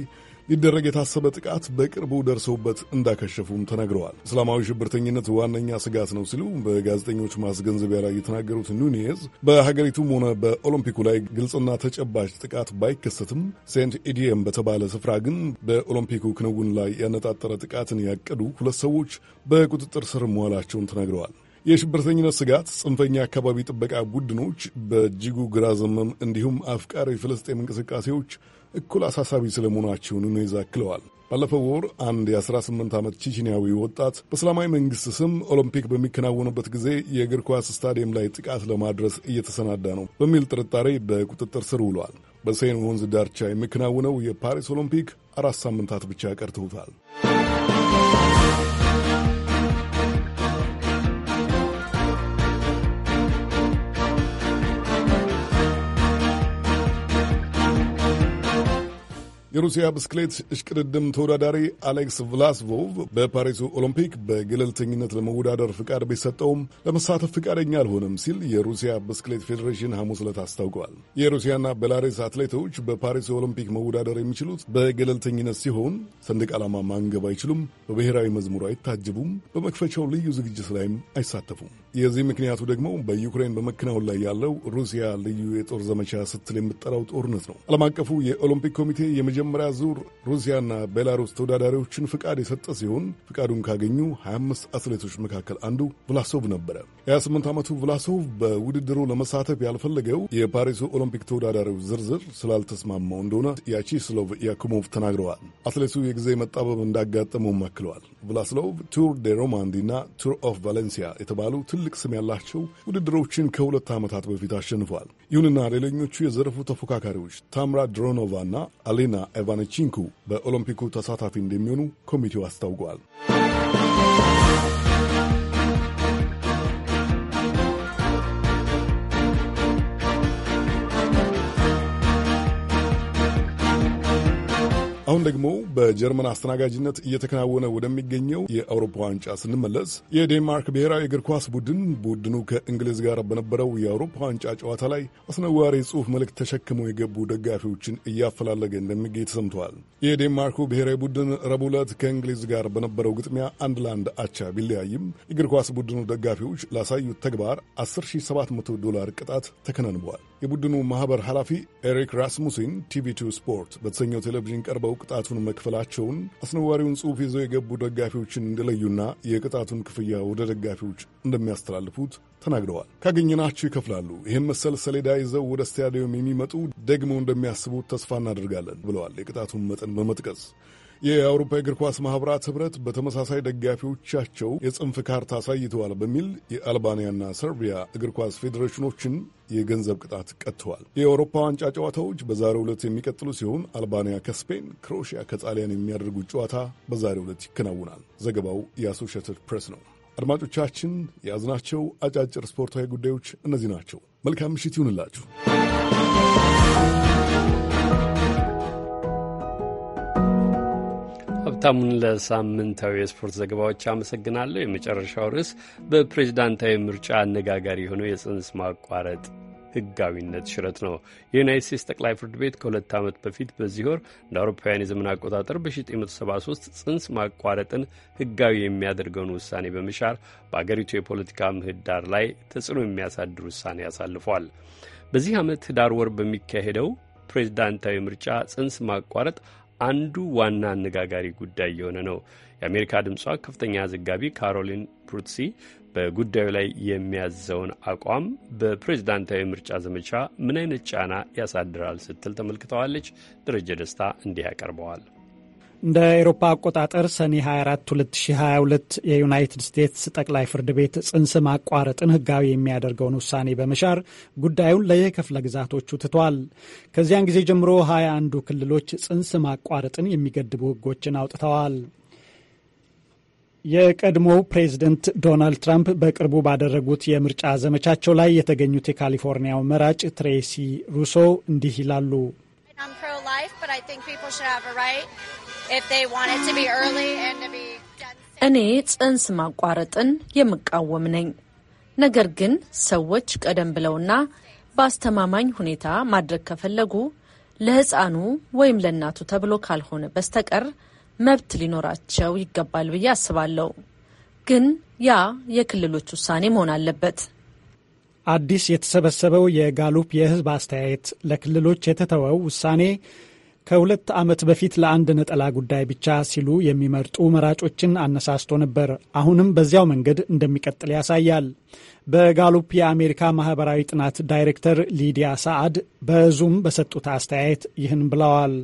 Speaker 14: ሊደረግ የታሰበ ጥቃት በቅርቡ ደርሰውበት እንዳከሸፉም ተናግረዋል። እስላማዊ ሽብርተኝነት ዋነኛ ስጋት ነው ሲሉ በጋዜጠኞች ማስገንዘቢያ ላይ የተናገሩት ኑኔዝ በሀገሪቱም ሆነ በኦሎምፒኩ ላይ ግልጽና ተጨባጭ ጥቃት ባይከሰትም ሴንት ኢዲየም በተባለ ስፍራ ግን በኦሎምፒኩ ክንውን ላይ ያነጣጠረ ጥቃትን ያቀዱ ሁለት ሰዎች በቁጥጥር ስር መዋላቸውን ተናግረዋል። የሽብርተኝነት ስጋት ጽንፈኛ አካባቢ ጥበቃ ቡድኖች በእጅጉ ግራ ዘመም እንዲሁም አፍቃሪ ፍልስጤም እንቅስቃሴዎች እኩል አሳሳቢ ስለመሆናቸውን ሁኔታ አክለዋል። ባለፈው ወር አንድ የ18 ዓመት ቼችንያዊ ወጣት በእስላማዊ መንግሥት ስም ኦሎምፒክ በሚከናወንበት ጊዜ የእግር ኳስ ስታዲየም ላይ ጥቃት ለማድረስ እየተሰናዳ ነው በሚል ጥርጣሬ በቁጥጥር ስር ውሏል። በሴን ወንዝ ዳርቻ የሚከናወነው የፓሪስ ኦሎምፒክ አራት ሳምንታት ብቻ ቀርተውታል። የሩሲያ ብስክሌት እሽቅድድም ተወዳዳሪ አሌክስ ቭላስቮቭ በፓሪሱ ኦሎምፒክ በገለልተኝነት ለመወዳደር ፍቃድ ቢሰጠውም ለመሳተፍ ፍቃደኛ አልሆነም ሲል የሩሲያ ብስክሌት ፌዴሬሽን ሐሙስ ዕለት አስታውቀዋል። የሩሲያና ቤላሩስ አትሌቶች በፓሪስ ኦሎምፒክ መወዳደር የሚችሉት በገለልተኝነት ሲሆን ሰንደቅ ዓላማ ማንገብ አይችሉም፣ በብሔራዊ መዝሙር አይታጀቡም፣ በመክፈቻው ልዩ ዝግጅት ላይም አይሳተፉም። የዚህ ምክንያቱ ደግሞ በዩክሬን በመከናወን ላይ ያለው ሩሲያ ልዩ የጦር ዘመቻ ስትል የምጠራው ጦርነት ነው። ዓለም አቀፉ የኦሎምፒክ ኮሚቴ የመጀመሪያ ዙር ሩሲያና ቤላሩስ ተወዳዳሪዎችን ፍቃድ የሰጠ ሲሆን ፍቃዱን ካገኙ 25 አትሌቶች መካከል አንዱ ብላሶቭ ነበረ። የ28 ዓመቱ ቭላሶቭ በውድድሩ ለመሳተፍ ያልፈለገው የፓሪሱ ኦሎምፒክ ተወዳዳሪው ዝርዝር ስላልተስማማው እንደሆነ ያቺስሎቭ ያኩሞቭ ተናግረዋል። አትሌቱ የጊዜ መጣበብ እንዳጋጠመውም አክለዋል። ቭላስሎቭ ቱር ዴ ሮማንዲና ቱር ኦፍ ቫሌንሲያ የተባሉ ትልቅ ስም ያላቸው ውድድሮችን ከሁለት ዓመታት በፊት አሸንፏል። ይሁንና ሌሎኞቹ የዘርፉ ተፎካካሪዎች ታምራ ድሮኖቫ እና አሌና ኢቫንቺንኩ በኦሎምፒኩ ተሳታፊ እንደሚሆኑ ኮሚቴው አስታውቋል። አሁን ደግሞ በጀርመን አስተናጋጅነት እየተከናወነ ወደሚገኘው የአውሮፓ ዋንጫ ስንመለስ የዴንማርክ ብሔራዊ እግር ኳስ ቡድን ቡድኑ ከእንግሊዝ ጋር በነበረው የአውሮፓ ዋንጫ ጨዋታ ላይ አስነዋሪ ጽሑፍ መልእክት ተሸክመው የገቡ ደጋፊዎችን እያፈላለገ እንደሚገኝ ተሰምተዋል። የዴንማርኩ ብሔራዊ ቡድን ረቡዕ ዕለት ከእንግሊዝ ጋር በነበረው ግጥሚያ አንድ ለአንድ አቻ ቢለያይም የእግር ኳስ ቡድኑ ደጋፊዎች ላሳዩት ተግባር 10700 ዶላር ቅጣት ተከናንበዋል። የቡድኑ ማኅበር ኃላፊ ኤሪክ ራስሙሲን ቲቪ2 ስፖርት በተሰኘው ቴሌቪዥን ቀርበው ቅጣቱን መክፈላቸውን አስነዋሪውን ጽሑፍ ይዘው የገቡ ደጋፊዎችን እንደለዩና የቅጣቱን ክፍያ ወደ ደጋፊዎች እንደሚያስተላልፉት ተናግረዋል። ካገኘናቸው ይከፍላሉ። ይህን መሰል ሰሌዳ ይዘው ወደ ስታዲየም የሚመጡ ደግሞ እንደሚያስቡት ተስፋ እናደርጋለን ብለዋል። የቅጣቱን መጠን በመጥቀስ የአውሮፓ የእግር ኳስ ማኅበራት ኅብረት በተመሳሳይ ደጋፊዎቻቸው የጽንፍ ካርታ አሳይተዋል በሚል የአልባንያና ሰርቢያ እግር ኳስ ፌዴሬሽኖችን የገንዘብ ቅጣት ቀጥተዋል። የአውሮፓ ዋንጫ ጨዋታዎች በዛሬው ዕለት የሚቀጥሉ ሲሆን አልባንያ ከስፔን፣ ክሮኤሽያ ከጣሊያን የሚያደርጉት ጨዋታ በዛሬው ዕለት ይከናውናል። ዘገባው የአሶሺየትድ ፕሬስ ነው። አድማጮቻችን፣ የያዝናቸው አጫጭር ስፖርታዊ ጉዳዮች እነዚህ ናቸው። መልካም ምሽት ይሁንላችሁ።
Speaker 1: ሀብታሙን ለሳምንታዊ የስፖርት ዘገባዎች አመሰግናለሁ። የመጨረሻው ርዕስ በፕሬዝዳንታዊ ምርጫ አነጋጋሪ የሆነው የጽንስ ማቋረጥ ህጋዊነት ሽረት ነው። የዩናይት ስቴትስ ጠቅላይ ፍርድ ቤት ከሁለት ዓመት በፊት በዚህ ወር እንደ አውሮፓውያን የዘመን አቆጣጠር በ1973 ጽንስ ማቋረጥን ህጋዊ የሚያደርገውን ውሳኔ በመሻር በአገሪቱ የፖለቲካ ምህዳር ላይ ተጽዕኖ የሚያሳድር ውሳኔ ያሳልፏል። በዚህ ዓመት ህዳር ወር በሚካሄደው ፕሬዝዳንታዊ ምርጫ ጽንስ ማቋረጥ አንዱ ዋና አነጋጋሪ ጉዳይ የሆነ ነው። የአሜሪካ ድምጿ ከፍተኛ ዘጋቢ ካሮሊን ፑርትሲ በጉዳዩ ላይ የሚያዘውን አቋም በፕሬዝዳንታዊ ምርጫ ዘመቻ ምን አይነት ጫና ያሳድራል ስትል ተመልክተዋለች። ደረጀ ደስታ እንዲህ ያቀርበዋል።
Speaker 2: እንደ ኤሮፓ አቆጣጠር ሰኔ 24 2022 የዩናይትድ ስቴትስ ጠቅላይ ፍርድ ቤት ጽንስ ማቋረጥን ሕጋዊ የሚያደርገውን ውሳኔ በመሻር ጉዳዩን ለየክፍለ ግዛቶቹ ትቷል። ከዚያን ጊዜ ጀምሮ 21ዱ ክልሎች ጽንስ ማቋረጥን የሚገድቡ ሕጎችን አውጥተዋል። የቀድሞው ፕሬዚደንት ዶናልድ ትራምፕ በቅርቡ ባደረጉት የምርጫ ዘመቻቸው ላይ የተገኙት የካሊፎርኒያው መራጭ ትሬሲ ሩሶ እንዲህ ይላሉ።
Speaker 8: እኔ ጽንስ ማቋረጥን የምቃወም ነኝ። ነገር ግን ሰዎች ቀደም ብለውና በአስተማማኝ ሁኔታ ማድረግ ከፈለጉ ለሕፃኑ ወይም ለእናቱ ተብሎ ካልሆነ በስተቀር መብት ሊኖራቸው ይገባል ብዬ አስባለሁ። ግን ያ የክልሎች ውሳኔ መሆን አለበት።
Speaker 2: አዲስ የተሰበሰበው የጋሉፕ የህዝብ አስተያየት ለክልሎች የተተወው ውሳኔ ከሁለት ዓመት በፊት ለአንድ ነጠላ ጉዳይ ብቻ ሲሉ የሚመርጡ መራጮችን አነሳስቶ ነበር። አሁንም በዚያው መንገድ እንደሚቀጥል ያሳያል። በጋሉፕ የአሜሪካ ማህበራዊ ጥናት ዳይሬክተር ሊዲያ ሰዓድ በዙም በሰጡት አስተያየት ይህን ብለዋል።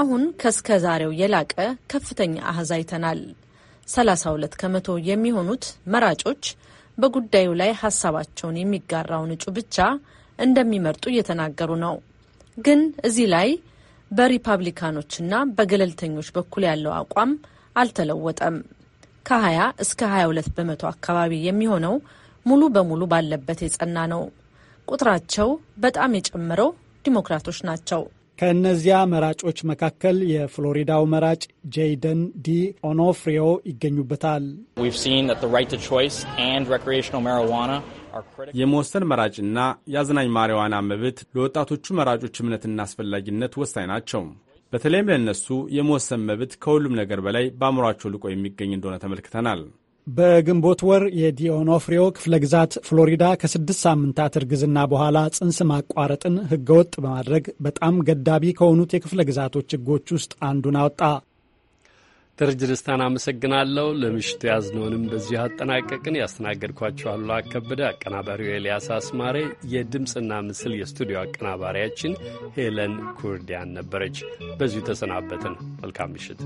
Speaker 8: አሁን ከእስከ ዛሬው የላቀ ከፍተኛ አህዛ አይተናል። 32 ከመቶ የሚሆኑት መራጮች በጉዳዩ ላይ ሀሳባቸውን የሚጋራውን እጩ ብቻ እንደሚመርጡ እየተናገሩ ነው። ግን እዚህ ላይ በሪፐብሊካኖችና በገለልተኞች በኩል ያለው አቋም አልተለወጠም። ከ20 እስከ 22 በመቶ አካባቢ የሚሆነው ሙሉ በሙሉ ባለበት የጸና ነው። ቁጥራቸው በጣም የጨመረው ዲሞክራቶች ናቸው። ከእነዚያ
Speaker 2: መራጮች መካከል የፍሎሪዳው መራጭ ጄይደን ዲ ኦኖፍሪዮ ይገኙበታል።
Speaker 13: የመወሰን መራጭና የአዝናኝ ማሪዋና መብት ለወጣቶቹ መራጮች እምነትና አስፈላጊነት ወሳኝ ናቸው። በተለይም ለእነሱ የመወሰን መብት ከሁሉም ነገር በላይ በአእምሯቸው ልቆ የሚገኝ እንደሆነ ተመልክተናል።
Speaker 2: በግንቦት ወር የዲኦኖፍሪዮ ክፍለ ግዛት ፍሎሪዳ ከስድስት ሳምንታት እርግዝና በኋላ ጽንስ ማቋረጥን ህገወጥ በማድረግ በጣም ገዳቢ ከሆኑት የክፍለ ግዛቶች ህጎች ውስጥ አንዱን አወጣ።
Speaker 1: ደረጀ ደስታን አመሰግናለሁ። ለምሽቱ ያዝነውንም በዚህ አጠናቀቅን። ያስተናገድኳችሁ አሉ አከበደ፣ አቀናባሪው ኤልያስ አስማሬ፣ የድምፅና ምስል የስቱዲዮ አቀናባሪያችን ሄለን ኩርዲያን ነበረች። በዚሁ ተሰናበትን። መልካም ምሽት።